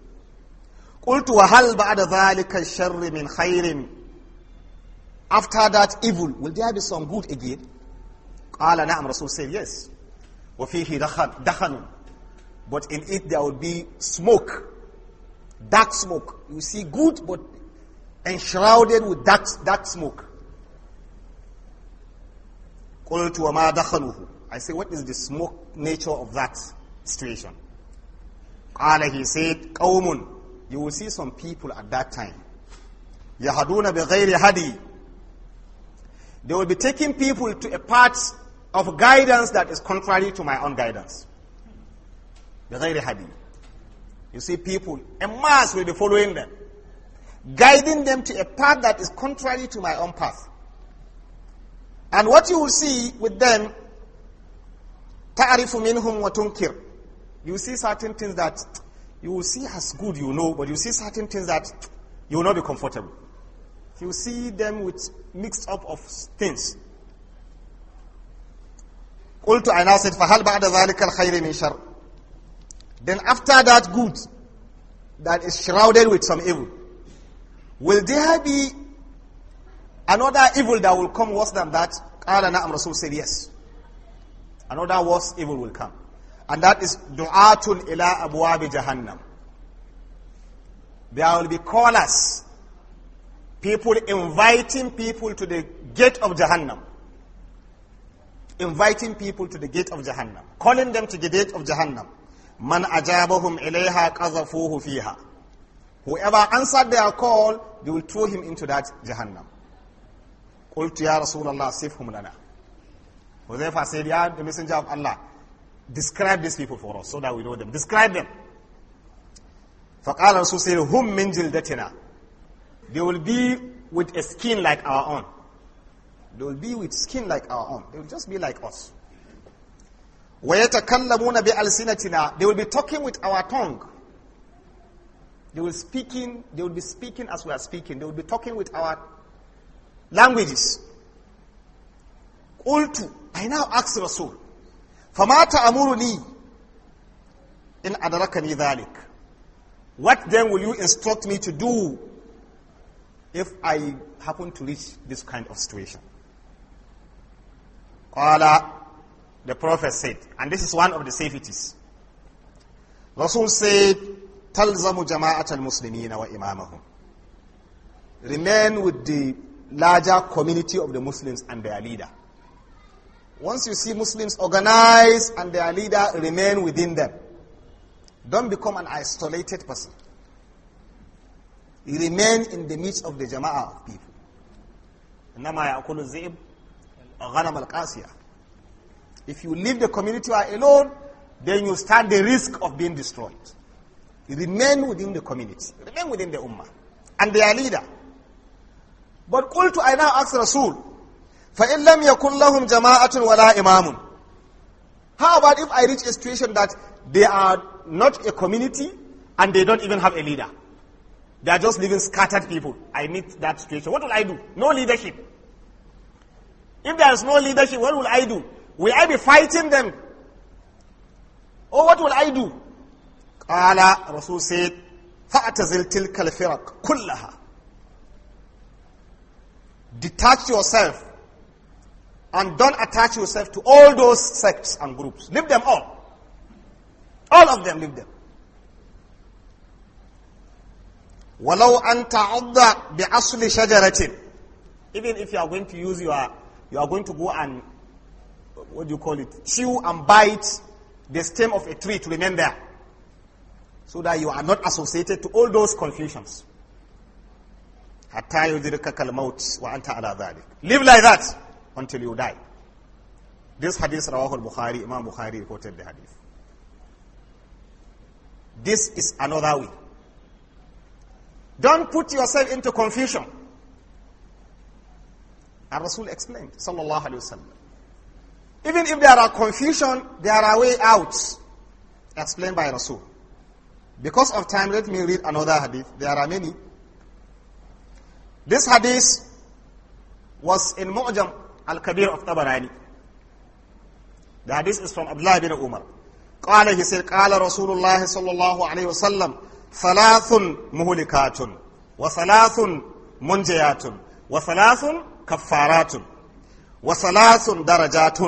A: قلت وهل بعد ذلك الشر من خير after that evil will there be some good again قال نعم رسول said yes وفيه دخن but in it there will be smoke dark smoke you see good but enshrouded with dark, dark smoke قلت وما دخنه I say what is the smoke nature of that situation قال he said قوم you will see some people at that time. Yahaduna bighayri hadi. They will be taking people to a path of guidance that is contrary to my own guidance. Bighayri hadi. You see people, a mass will be following them, guiding them to a path that is contrary to my own path. And what you will see with them, ta'arifu minhum wa tunkir. You see certain things that you will see as good, you know, but you see certain things that you will not be comfortable. You see them with mixed up of things. قلت I now said فهل بعد ذلك الخير من شر Then after that good that is shrouded with some evil, will there be another evil that will come worse than that? قال نعم رسول said yes. Another worse evil will come. And that is du'atun ila abwabi jahannam. There will be callers, people inviting people to the gate of Jahannam. Inviting people to the gate of Jahannam. Calling them to the gate of Jahannam. Man ajabahum ilayha qazafuhu fiha. Whoever answered their call, they will throw him into that Jahannam. قلت يا رسول الله سفهم لنا. Huzaifa said, Ya the messenger of Allah, Describe these people for us so that we know them. Describe them. فَقَالَ رَسُولُ هُمْ مِنْ جِلْدَتِنَا They will be with a skin like our own. They will be with skin like our own. They will just be like us. وَيَتَكَلَّمُونَ بِأَلْسِنَتِنَا They will be talking with our tongue. They will speaking, they will be speaking as we are speaking. They will be talking with our languages. All two. I now ask Rasul, فما تأمرني إن أدركني ذلك What then will you instruct me to do if I happen to reach this kind of situation? Qala, the Prophet said, and this is one of the safeties. Rasul said, تَلْزَمُ جَمَاعَةَ الْمُسْلِمِينَ وَإِمَامَهُمْ Remain with the larger community of the Muslims and their leader. Once you see Muslims organize and their leader remain within them, don't become an isolated person. You remain in the midst of the jama'ah of people. If you leave the community alone, then you stand the risk of being destroyed. You remain within the community, remain within the ummah and their leader. But qultu, I now ask Rasul, فَإِنْ لَمْ يَكُنْ لَهُمْ جَمَاعَةٌ وَلَا إِمَامٌ How about if I reach a situation that they are not a community and they don't even have a leader? They are just living scattered people. I meet that situation. What will I do? No leadership. If there is no leadership, what will I do? Will I be fighting them? Or what will I do? Qala, Rasul said, فَأَتَزِلْ تِلْكَ الْفِرَقْ كُلَّهَا Detach yourself and don't attach yourself to all those sects and groups. Leave them all. All of them, leave them. ولو أن تعض شجرة Even if you are going to use your, you are going to go and, what do you call it, chew and bite the stem of a tree to remain there. So that you are not associated to all those confusions. حتى الموت وأنت على ذلك. Live like that until you die. This hadith, Rawahul Bukhari, Imam Bukhari reported the hadith. This is another way. Don't put yourself into confusion. Our Rasul explained, Sallallahu Alaihi Wasallam. Even if there are confusion, there are a way out, explained by Rasul. Because of time, let me read another hadith. There are many. This hadith was in Mu'jam al of tabarani the hadith is from abdullah bin umar قال he said قال رسول الله صلى الله عليه وسلم ثلاث مهلكات وثلاث منجيات وثلاث كفارات وثلاث درجات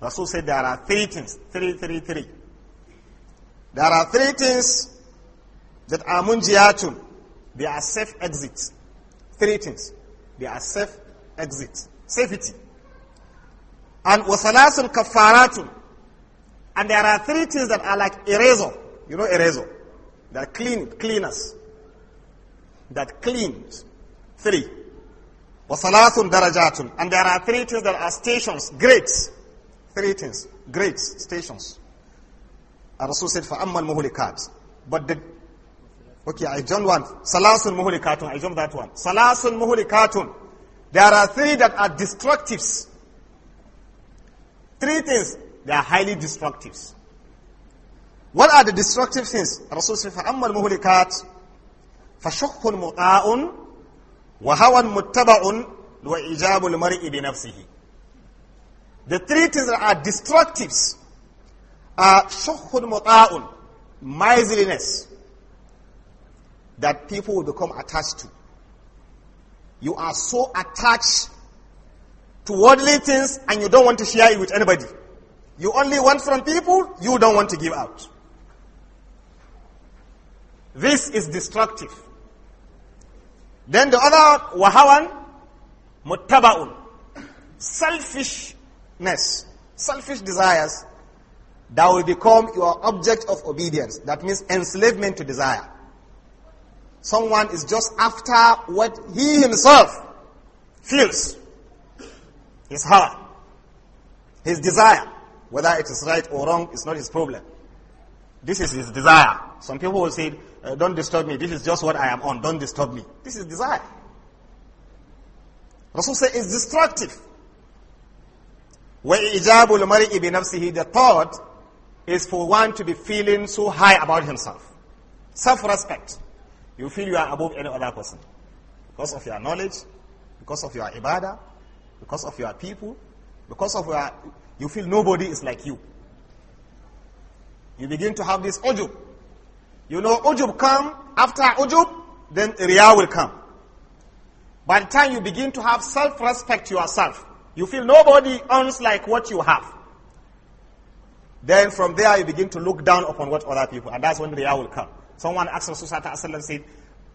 A: Rasul said there are three things, three, three, three. There are three things that are munjiyatun. They are safe exits. Three things. They are safe exit, safety. And wasalasun kafaratun. And there are three things that are like eraser. You know eraser. that clean, cleaners. That cleans. Three. Wasalasun darajatun. And there are three things that are stations, grades. Three things, grades, stations. And Rasul said, فَأَمَّا الْمُهُلِكَاتِ But the Okay, I jumped one. Salasun muhulikatun. I jumped that one. Salasun muhulikatun. There are three that are destructives. Three things, they are highly destructives. What are the destructive things? Rasul said, فَأَمَّا الْمُهُلِكَاتِ فَشُقٌ مُطَاعٌ وَهَوًا مُتَّبَعٌ وَإِجَابُ الْمَرْءِ بِنَفْسِهِ The three things that are destructives are shukhun mutaun, miserliness, that people will become attached to. You are so attached to worldly things and you don't want to share it with anybody. You only want from people, you don't want to give out. This is destructive. Then the other, wahawan, muttaba'un. Selfishness, selfish desires that will become your object of obedience. That means enslavement to desire. Someone is just after what he himself feels, his heart, his desire. Whether it is right or wrong is not his problem. This is his desire. Some people will say, uh, don't disturb me. This is just what I am on. Don't disturb me. This is desire. Rasul says it's destructive. وَإِجَابُ الْمَرِئِ بِنَفْسِهِ The thought is for one to be feeling so high about himself. Self-respect. You feel you are above any other person. Because of your knowledge, because of your ibadah, because of your people, because of your, you feel nobody is like you. You begin to have this ujub. You know ujub come, after ujub, then riya will come. By the time you begin to have self-respect yourself, you feel nobody earns like what you have. Then from there you begin to look down upon what other people, and that's when riya will come. Someone asked Rasulullah said,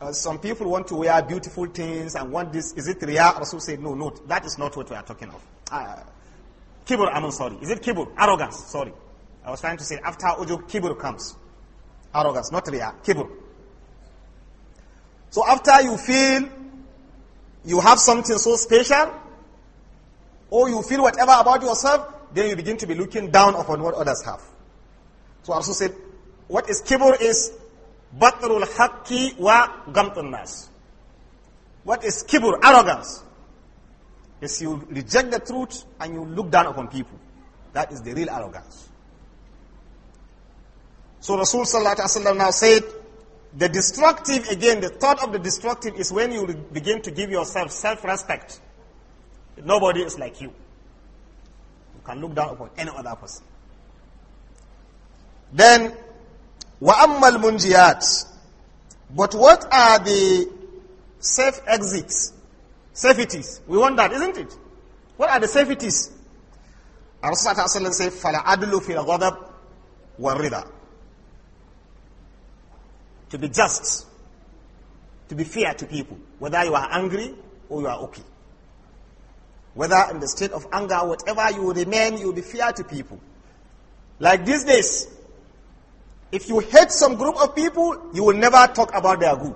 A: uh, some people want to wear beautiful things and want this. Is it Riya? Rasul said, no, no, that is not what we are talking of. Uh, kibur, I'm sorry. Is it kibur? Arrogance, sorry. I was trying to say, after ujub, kibur comes. Arrogance, not Riya, kibur. So after you feel you have something so special, or you feel whatever about yourself, then you begin to be looking down upon what others have. So Rasul said, what is kibur is Batrul haqqi wa gamtun nas. What is kibur, arrogance? Is you reject the truth and you look down upon people. That is the real arrogance. So Rasul Sallallahu Alaihi Wasallam now said, the destructive, again, the thought of the destructive is when you begin to give yourself self-respect. Nobody is like you. You can look down upon any other person. Then وَأَمَّا الْمُنْجِيَاتِ But what are the safe exits? Safeties. We want that, isn't it? What are the safeties? Rasulullah said, فَلَعَدْلُ فِي الْغَضَبْ وَالرِّضَى To be just, to be fair to people, whether you are angry or you are okay. Whether in the state of anger, whatever you remain, you will be fair to people. Like these days, if you hate some group of people, you will never talk about their good.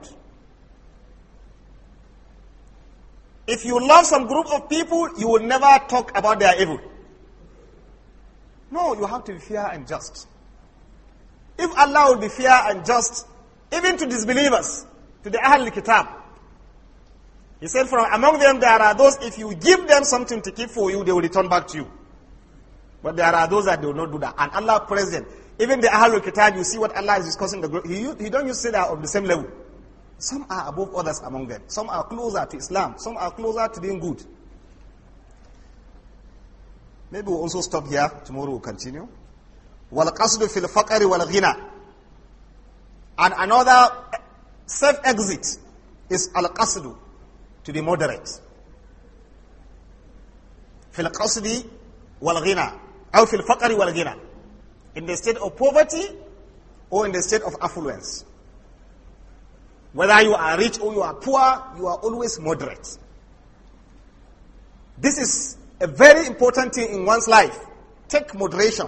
A: If you love some group of people, you will never talk about their evil. No, you have to be fair and just. If Allah will be fair and just, even to disbelievers, to the Ahl Kitab, He said, from among them there are those, if you give them something to keep for you, they will return back to you. But there are those that do not do that. And Allah present. them. Even the Ahlul Kitab, you see what Allah is discussing. The, he, he don't use it they of the same level. Some are above others among them. Some are closer to Islam. Some are closer to doing good. Maybe we'll also stop here. Tomorrow we'll continue. وَالْقَصْدُ فِي الْفَقَرِ وَالْغِنَى And another safe exit is al-qasdu, to be moderate. في القصد والغنى أو في الفقر والغنى in the state of poverty or in the state of affluence. Whether you are rich or you are poor, you are always moderate. This is a very important thing in one's life. Take moderation.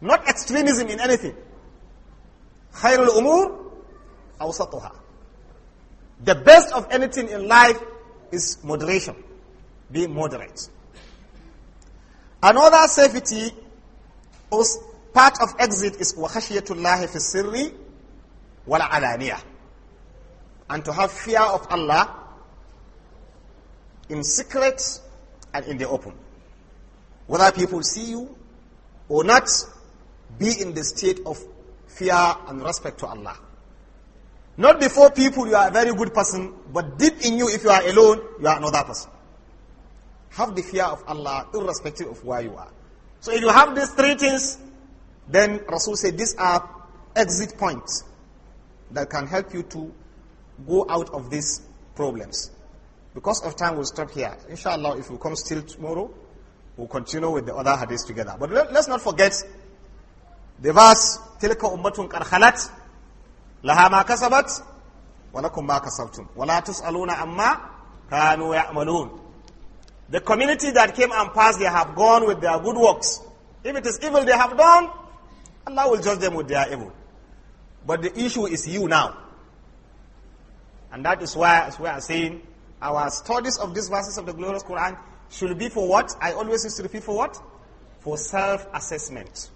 A: Not extremism in anything. The best of anything in life is moderation. Be moderate. Another safety part of exit is وَخَشْيَةُ fi sirri wal alaniya. And to have fear of Allah in secret and in the open. Whether people see you or not, be in the state of fear and respect to Allah. Not before people you are a very good person, but deep in you, if you are alone, you are another person. Have the fear of Allah irrespective of where you are. So if you have these three things, then Rasul said these are exit points that can help you to go out of these problems. Because of time, we'll stop here. Inshallah, if we come still tomorrow, we'll continue with the other hadiths together. But let, us not forget the verse, تِلْكَ أُمَّةٌ قَدْ لَهَا مَا كَسَبَتْ وَلَكُمْ مَا كَسَبْتُمْ وَلَا تُسْأَلُونَ عَمَّا كَانُوا يَعْمَلُونَ the community that came and passed, they have gone with their good works. If it is evil they have done, Allah will judge them with their evil. But the issue is you now. And that is why, as we are saying, our studies of these verses of the glorious Quran should be for what? I always used to repeat for what? For self-assessment.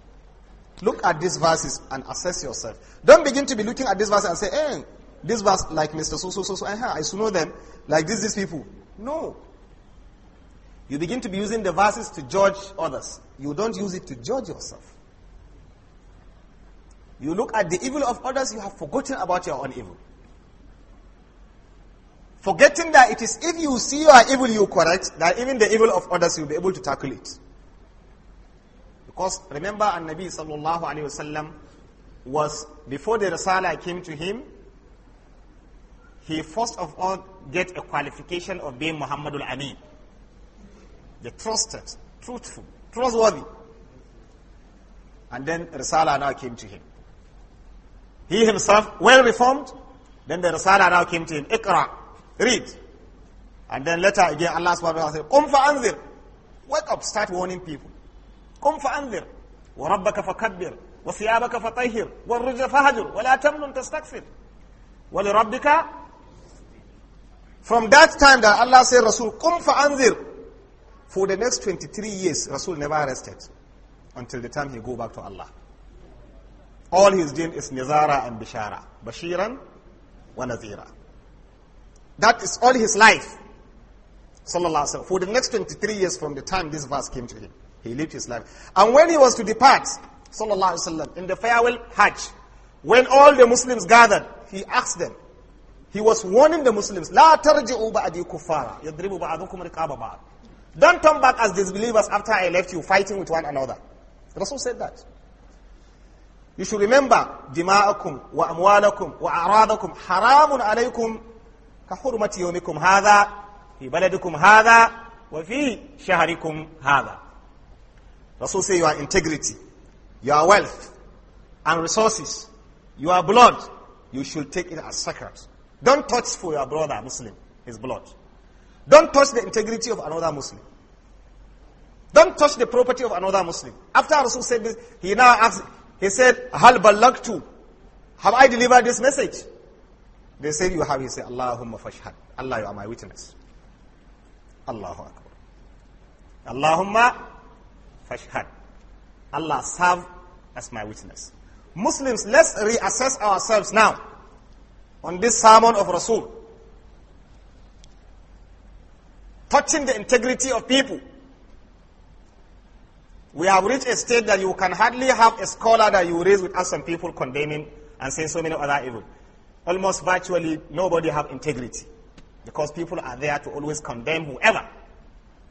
A: Look at these verses and assess yourself. Don't begin to be looking at these verses and say, hey, eh, this verse like Mr. So, so, so, so, uh eh, -huh, I should know them, like these, these people. No. You begin to be using the verses to judge others. You don't use it to judge yourself. You look at the evil of others, you have forgotten about your own evil. Forgetting that it is if you see your evil, you correct, that even the evil of others, you'll be able to tackle it. Because remember, An Nabi sallallahu alayhi wasallam was, before the Rasul came to him, he first of all get a qualification of being Muhammadul Amin. They trusted, truthful, trustworthy. And then Risala now came to him. He himself, well reformed, then the Risala now came to him. Ikra, read. And then later again, Allah subhanahu wa ta'ala said, Qum fa'anzir. Wake up, start warning people. for fa'anzir. وَرَبَّكَ فَكَبِّرْ وَثِيَابَكَ فَطَيْهِرْ وَالرُّجْلَ فَهَجُرْ وَلَا تَمْنُنْ تَسْتَكْثِرْ وَلِرَبِّكَ From that time that Allah said, Rasul, for anzir, for the next 23 years, Rasul never rested until the time he go back to Allah. All he's doing is Nizara and Bishara. Bashiran wa Nazira. That is all his life. Sallallahu For the next 23 years from the time this verse came to him, he lived his life. And when he was to depart, Sallallahu Alaihi Wasallam, in the farewell Hajj, when all the Muslims gathered, he asked them, he was warning the Muslims, لا ترجعوا بعدي كفارا يضرب بعضكم رقاب بعض don't turn back as disbelievers after I left you fighting with one another. Rasul said that. You should remember دماءكم وأموالكم وأعراضكم حرام عليكم كحرمة يومكم هذا في بلدكم هذا وفي شهركم هذا. Rasul say your integrity, your wealth and resources, your blood, you should take it as sacred. Don't touch for your brother Muslim, his blood. Don't touch the integrity of another Muslim. Don't touch the property of another Muslim. After Rasul said this, he now asked, he said, Hal balagtu. Have I delivered this message? They said, you have. He said, Allahumma fashhad. Allah, you are my witness. Allahu Akbar. Allahumma fashhad. Allah serve as my witness. Muslims, let's reassess ourselves now on this sermon of Rasul. touching the integrity of people. We have reached a state that you can hardly have a scholar that you raise with us some people condemning and saying so many other evil. Almost virtually nobody have integrity because people are there to always condemn whoever.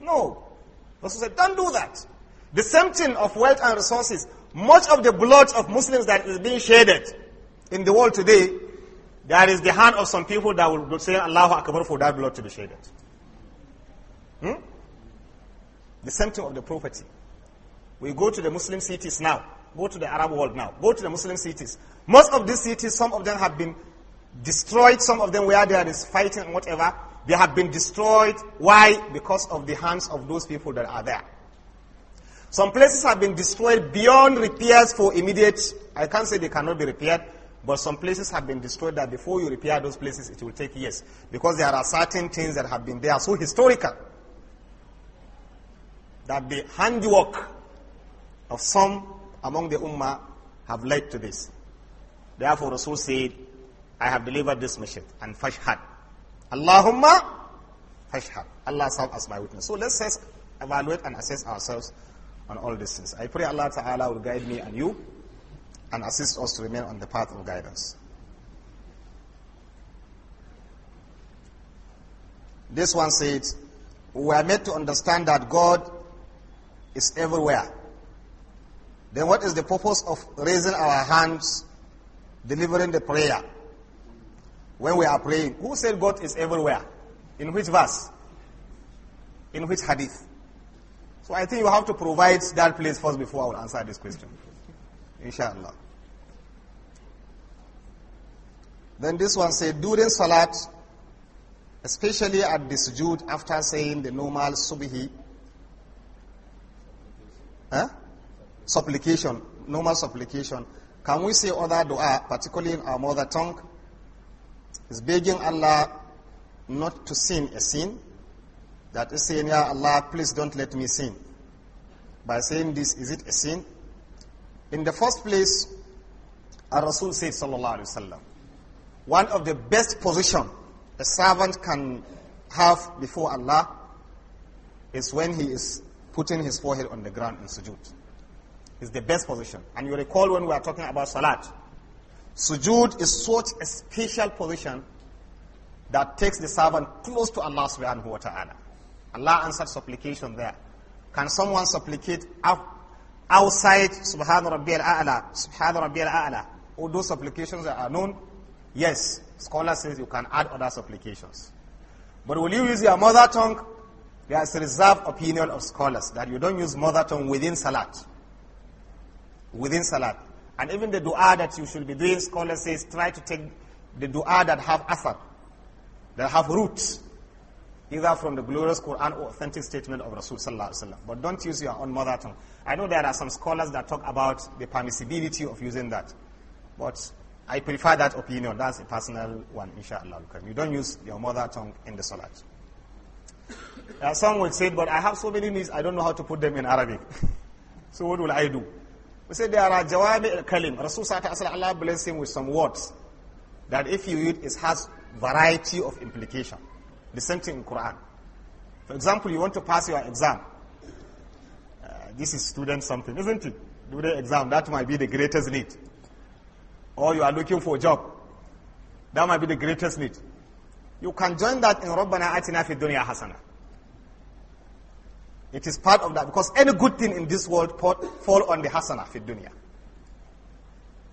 A: No. Rasul said, don't do that. The same thing of wealth and resources. Much of the blood of Muslims that is being shedded in the world today, that is the hand of some people that will say Allahu Akbar for that blood to be shedded. Hmm? The center of the property. We go to the Muslim cities now. Go to the Arab world now. Go to the Muslim cities. Most of these cities, some of them have been destroyed. Some of them where there is fighting and whatever, they have been destroyed. Why? Because of the hands of those people that are there. Some places have been destroyed beyond repairs for immediate. I can't say they cannot be repaired, but some places have been destroyed that before you repair those places, it will take years. Because there are certain things that have been there, so historical that the handiwork of some among the ummah have led to this. Therefore, Rasul said, I have delivered this mission and fashhad. Allahumma fashhad. Allah serve as my witness. So let's assess, evaluate and assess ourselves on all these things. I pray Allah Ta'ala will guide me and you and assist us to remain on the path of guidance. This one says, we are made to understand that God is everywhere. Then what is the purpose of raising our hands, delivering the prayer? When we are praying, who said God is everywhere? In which verse? In which hadith? So I think you have to provide that place first before I will answer this question. Inshallah. Then this one said, during salat, especially at the sujood after saying the normal subhi, eh? supplication, normal supplication. Can we say other dua, particularly in our mother tongue? Is begging Allah not to sin a sin. That is saying, Ya Allah, please don't let me sin. By saying this, is it a sin? In the first place, our Rasul said, Sallallahu Alaihi Wasallam, one of the best position a servant can have before Allah is when he is putting his forehead on the ground in sujud is the best position. And you recall when we are talking about salat, sujud is such a special position that takes the servant close to Allah subhanahu wa ta'ala. Allah answered supplication there. Can someone supplicate outside subhanahu rabbi al-a'la, subhanahu rabbi al-a'la, all those supplications that are known? Yes, scholar says you can add other supplications. But will you use your mother tongue? There is a reserved opinion of scholars that you don't use mother tongue within salat. Within salat. And even the dua that you should be doing, scholars says try to take the dua that have asar, that have roots, either from the glorious Quran or authentic statement of Rasul Sallallahu Alaihi Wasallam. But don't use your own mother tongue. I know there are some scholars that talk about the permissibility of using that. But I prefer that opinion. That's a personal one, inshallah. You don't use your mother tongue in the salat. Now some would say, but I have so many needs, I don't know how to put them in Arabic. so what will I do? We say there are jawabi kalim. Rasul Allah bless him with some words that if you read, it has variety of implication. The same thing in Quran. For example, you want to pass your exam. Uh, this is student something, isn't it? Do the exam. That might be the greatest need. Or you are looking for a job. That might be the greatest need. You can join that in Rabbana Atina Fi Dunya Hasana. It is part of that because any good thing in this world fall on the hasana fi dunya.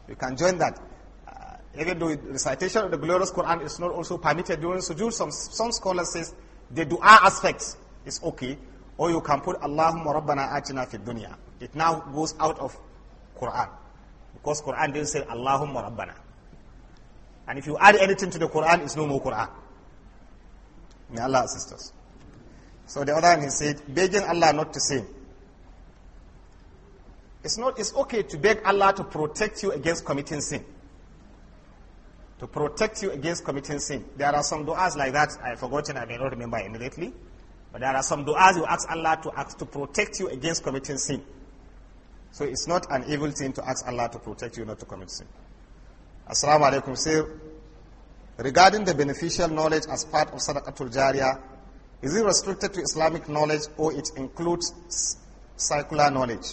A: You can join that. Uh, even though the recitation of the glorious Quran is not also permitted during sujood, some, some scholars say the dua aspect is okay. Or you can put Allahumma rabbana atina fi dunya. It now goes out of Quran. Because Quran didn't say Allahumma rabbana. And if you add anything to the Quran, it's no more Quran. May Allah assist us. So the other one, he said, begging Allah not to sin. It's not, it's okay to beg Allah to protect you against committing sin. To protect you against committing sin. There are some du'as like that, I've forgotten, I may not remember immediately. But there are some du'as you ask Allah to ask to protect you against committing sin. So it's not an evil thing to ask Allah to protect you not to commit sin. Assalamu alaikum. regarding the beneficial knowledge as part of Sadaqatul Jariyah, is it restricted to Islamic knowledge or it includes secular knowledge?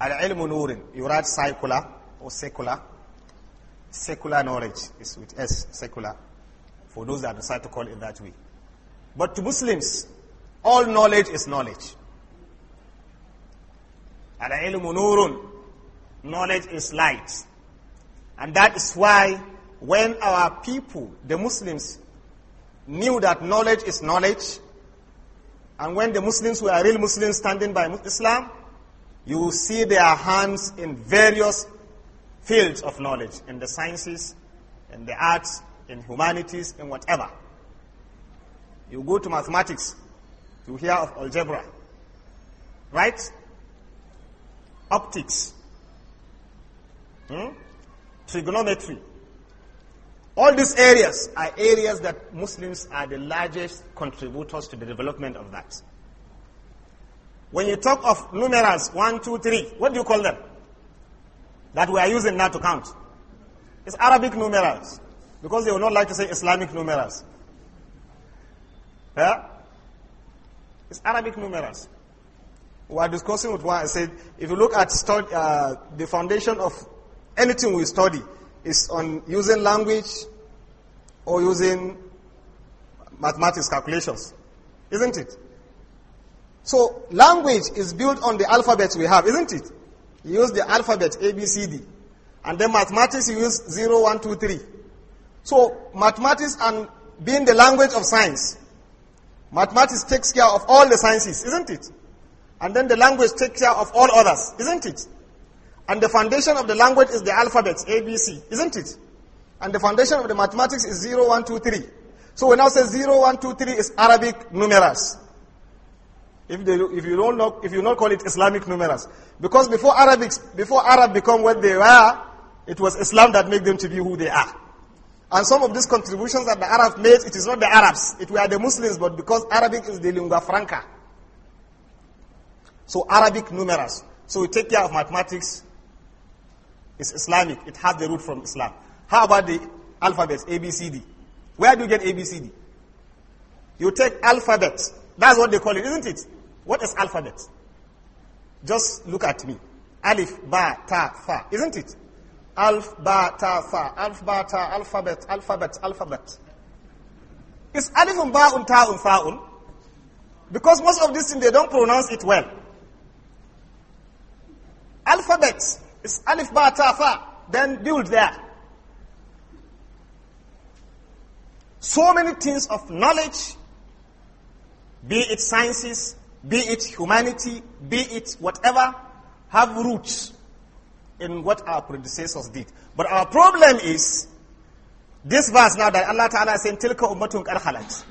A: Al-ilmu nurin, you write secular or secular. Secular knowledge is with S, secular, for those that decide to call it that way. But to Muslims, all knowledge is knowledge. Al-ilmu nurun, knowledge is light. And that is why when our people, the Muslims, knew that knowledge is knowledge. And when the Muslims were real Muslims standing by Islam, you will see their hands in various fields of knowledge, in the sciences, in the arts, in humanities, in whatever. You go to mathematics, you hear of algebra, right? Optics, hmm? trigonometry, all these areas are areas that Muslims are the largest contributors to the development of that. When you talk of numerals, one, two, three, what do you call them? That we are using now to count. It's Arabic numerals. Because they would not like to say Islamic numerals. Yeah? It's Arabic numerals. We are discussing with one, I said, if you look at uh, the foundation of anything we study, is on using language or using mathematics calculations, isn't it? So language is built on the alphabet we have, isn't it? You use the alphabet A, B, C, D. And then mathematics you use 0, 1, 2, 3. So mathematics and being the language of science, mathematics takes care of all the sciences, isn't it? And then the language takes care of all others, isn't it? And the foundation of the language is the alphabets, ABC, isn't it? And the foundation of the mathematics is 0, 1, 2, 3. So we now say 0, 1, 2, 3 is Arabic numerals. If, they, if, you don't know, if you not call it Islamic numerals. Because before Arabics, before Arab become what they were, it was Islam that made them to be who they are. And some of these contributions that the Arabs made, it is not the Arabs, it were the Muslims, but because Arabic is the lingua franca. So Arabic numerals. So we take care of mathematics, it's Islamic. It has the root from Islam. How about the alphabets, A, B, C, D? Where do you get A, B, C, D? You take alphabet. That's what they call it, isn't it? What is alphabet? Just look at me. Alif, Ba, Ta, Fa, isn't it? Alf, Ba, Ta, Fa. Alf, Ba, Ta, alphabet, alphabet, alphabet. It's Alif, um, Ba, um, Ta, um, Fa, um. Because most of these things, they don't pronounce it well. Alphabet. It's alif, ba, ta, fa. Then build there. So many things of knowledge, be it sciences, be it humanity, be it whatever, have roots in what our predecessors did. But our problem is this verse now that Allah Ta'ala is saying, Tilka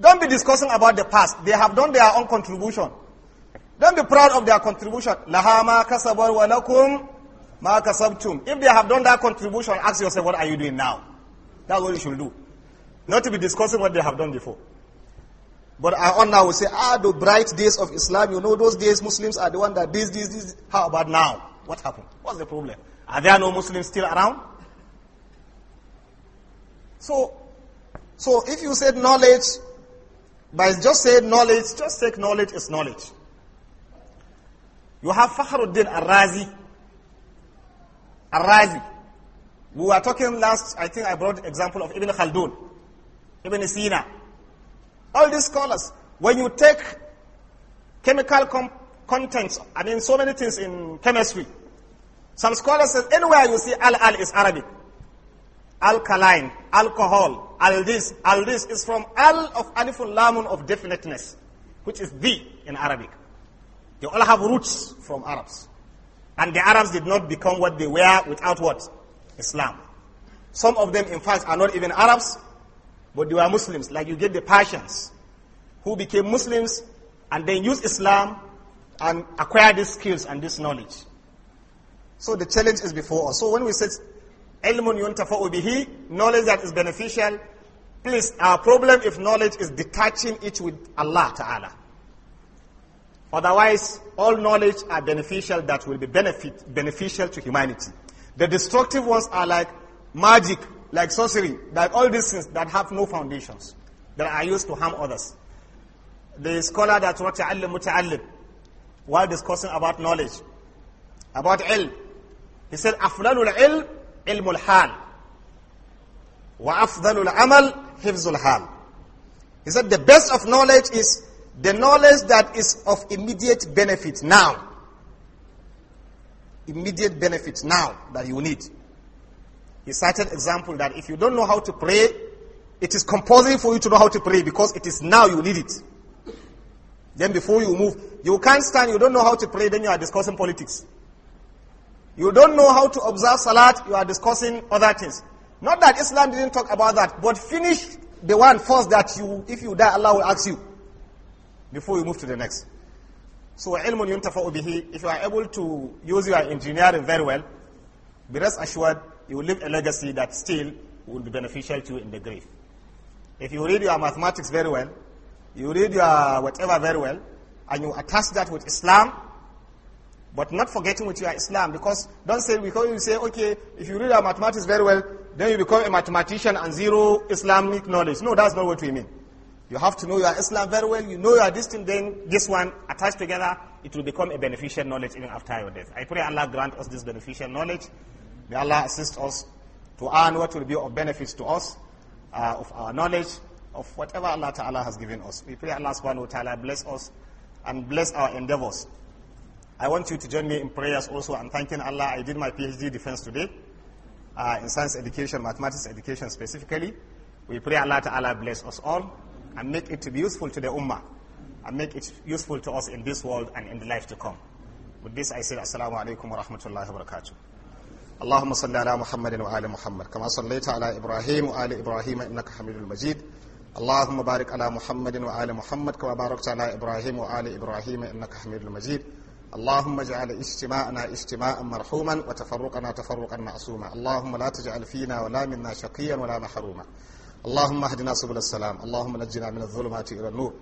A: Don't be discussing about the past. They have done their own contribution. Don't be proud of their contribution. Laha ma wa If they have done that contribution, ask yourself, what are you doing now? That's what you should do. Not to be discussing what they have done before. But our own now will say, ah, the bright days of Islam, you know, those days Muslims are the one that this, this, this. How about now? What happened? What's the problem? Are there no Muslims still around? So, so if you said knowledge, by just saying knowledge, just take knowledge is knowledge. You have Fakhruddin Arazi, razi razi We were talking last, I think I brought example of Ibn Khaldun, Ibn Sina. All these scholars, when you take chemical contents, I mean so many things in chemistry, some scholars say anywhere you see al-al is Arabic. Alkaline, alcohol, al this, al this is from al of alifun lamun of definiteness, which is the in Arabic. They all have roots from Arabs. And the Arabs did not become what they were without what? Islam. Some of them, in fact, are not even Arabs, but they were Muslims. Like you get the Persians, who became Muslims and then used Islam and acquired these skills and this knowledge. So the challenge is before us. So when we say ilmun yuntafa'u bihi, knowledge that is beneficial, please, our problem if knowledge is detaching it with Allah Ta'ala. Otherwise, all knowledge are beneficial that will be benefit, beneficial to humanity. The destructive ones are like magic, like sorcery, like all these things that have no foundations, that are used to harm others. The scholar that wrote Ta'allim Muta'allim, while discussing about knowledge, about ilm, he said, أفضل الْعِلْمِ عِلْمُ الْحَالِ وَأَفْضَلُ الْعَمَلِ حِفْزُ الْحَالِ He said, the best of knowledge is the knowledge that is of immediate benefit now. Immediate benefit now that you need. He cited example that if you don't know how to pray, it is compulsory for you to know how to pray because it is now you need it. Then before you move, you can't stand, you don't know how to pray, then you are discussing politics. You don't know how to observe salat, you are discussing other things. Not that Islam didn't talk about that, but finish the one first that you, if you die, Allah will ask you before you move to the next. So ilmun yuntafa'u bihi, if you are able to use your engineering very well, be rest assured you will leave a legacy that still will be beneficial to you in the grave. If you read your mathematics very well, you read your whatever very well, and you attach that with Islam, but not forgetting with your Islam, because don't say, because you say, okay, if you read your mathematics very well, then you become a mathematician and zero Islamic knowledge. No, that's not what we mean. You have to know your Islam very well. You know your distinct. then this one attached together, it will become a beneficial knowledge even after your death. I pray Allah grant us this beneficial knowledge. May Allah assist us to earn what will be of benefits to us, uh, of our knowledge, of whatever Allah Ta'ala has given us. We pray Allah Subhanahu wa Ta'ala bless us and bless our endeavors. I want you to join me in prayers also. and thanking Allah. I did my PhD defense today uh, in science education, mathematics education specifically. We pray Allah Ta'ala bless us all. and make it to be useful to the umma and make it useful to us in this world and in the life to come. With this I say, Assalamu wa rahmatullahi wa barakatuh. Allahumma salli ala Muhammadin wa ala Muhammad. Kama salli ta ala Ibrahim wa ala Ibrahim inna ka hamidul majid. Allahumma barik ala Muhammadin wa ala Muhammad. Kama barik ta ala Ibrahim wa ala Ibrahim inna ka hamidul majid. Allahumma ja ala istima'ana istima'an marhuman wa tafarruqana tafarruqan ma'asuma. Allahumma la taja'al fina wa la minna shakiyan wa la maharuma. اللهم اهدنا سبل السلام اللهم نجنا من الظلمات إلى النور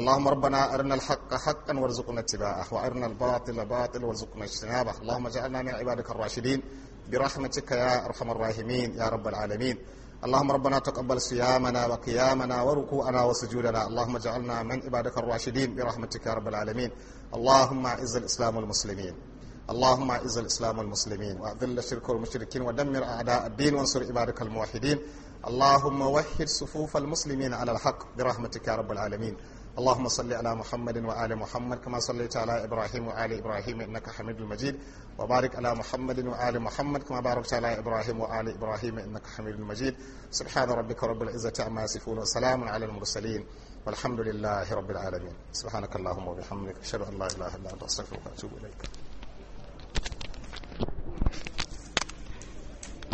A: اللهم ربنا أرنا الحق حقا وارزقنا اتباعه وأرنا الباطل باطل وارزقنا اجتنابه اللهم اجعلنا من عبادك الراشدين برحمتك يا أرحم الراحمين يا رب العالمين اللهم ربنا تقبل صيامنا وقيامنا وركوعنا وسجودنا اللهم اجعلنا من عبادك الراشدين برحمتك يا رب العالمين اللهم اعز الإسلام والمسلمين اللهم اعز الإسلام والمسلمين وأذل الشرك والمشركين ودمر أعداء الدين وانصر عبادك الموحدين اللهم وحد صفوف المسلمين على الحق برحمتك يا رب العالمين اللهم صل على محمد وآل محمد كما صليت على إبراهيم وآل إبراهيم إنك حميد مجيد وبارك على محمد وآل محمد كما باركت على إبراهيم وآل إبراهيم إنك حميد مجيد سبحان ربك رب العزة عما يصفون وسلام على المرسلين والحمد لله رب العالمين سبحانك اللهم وبحمدك أشهد أن لا إله إلا أنت أستغفرك وأتوب إليك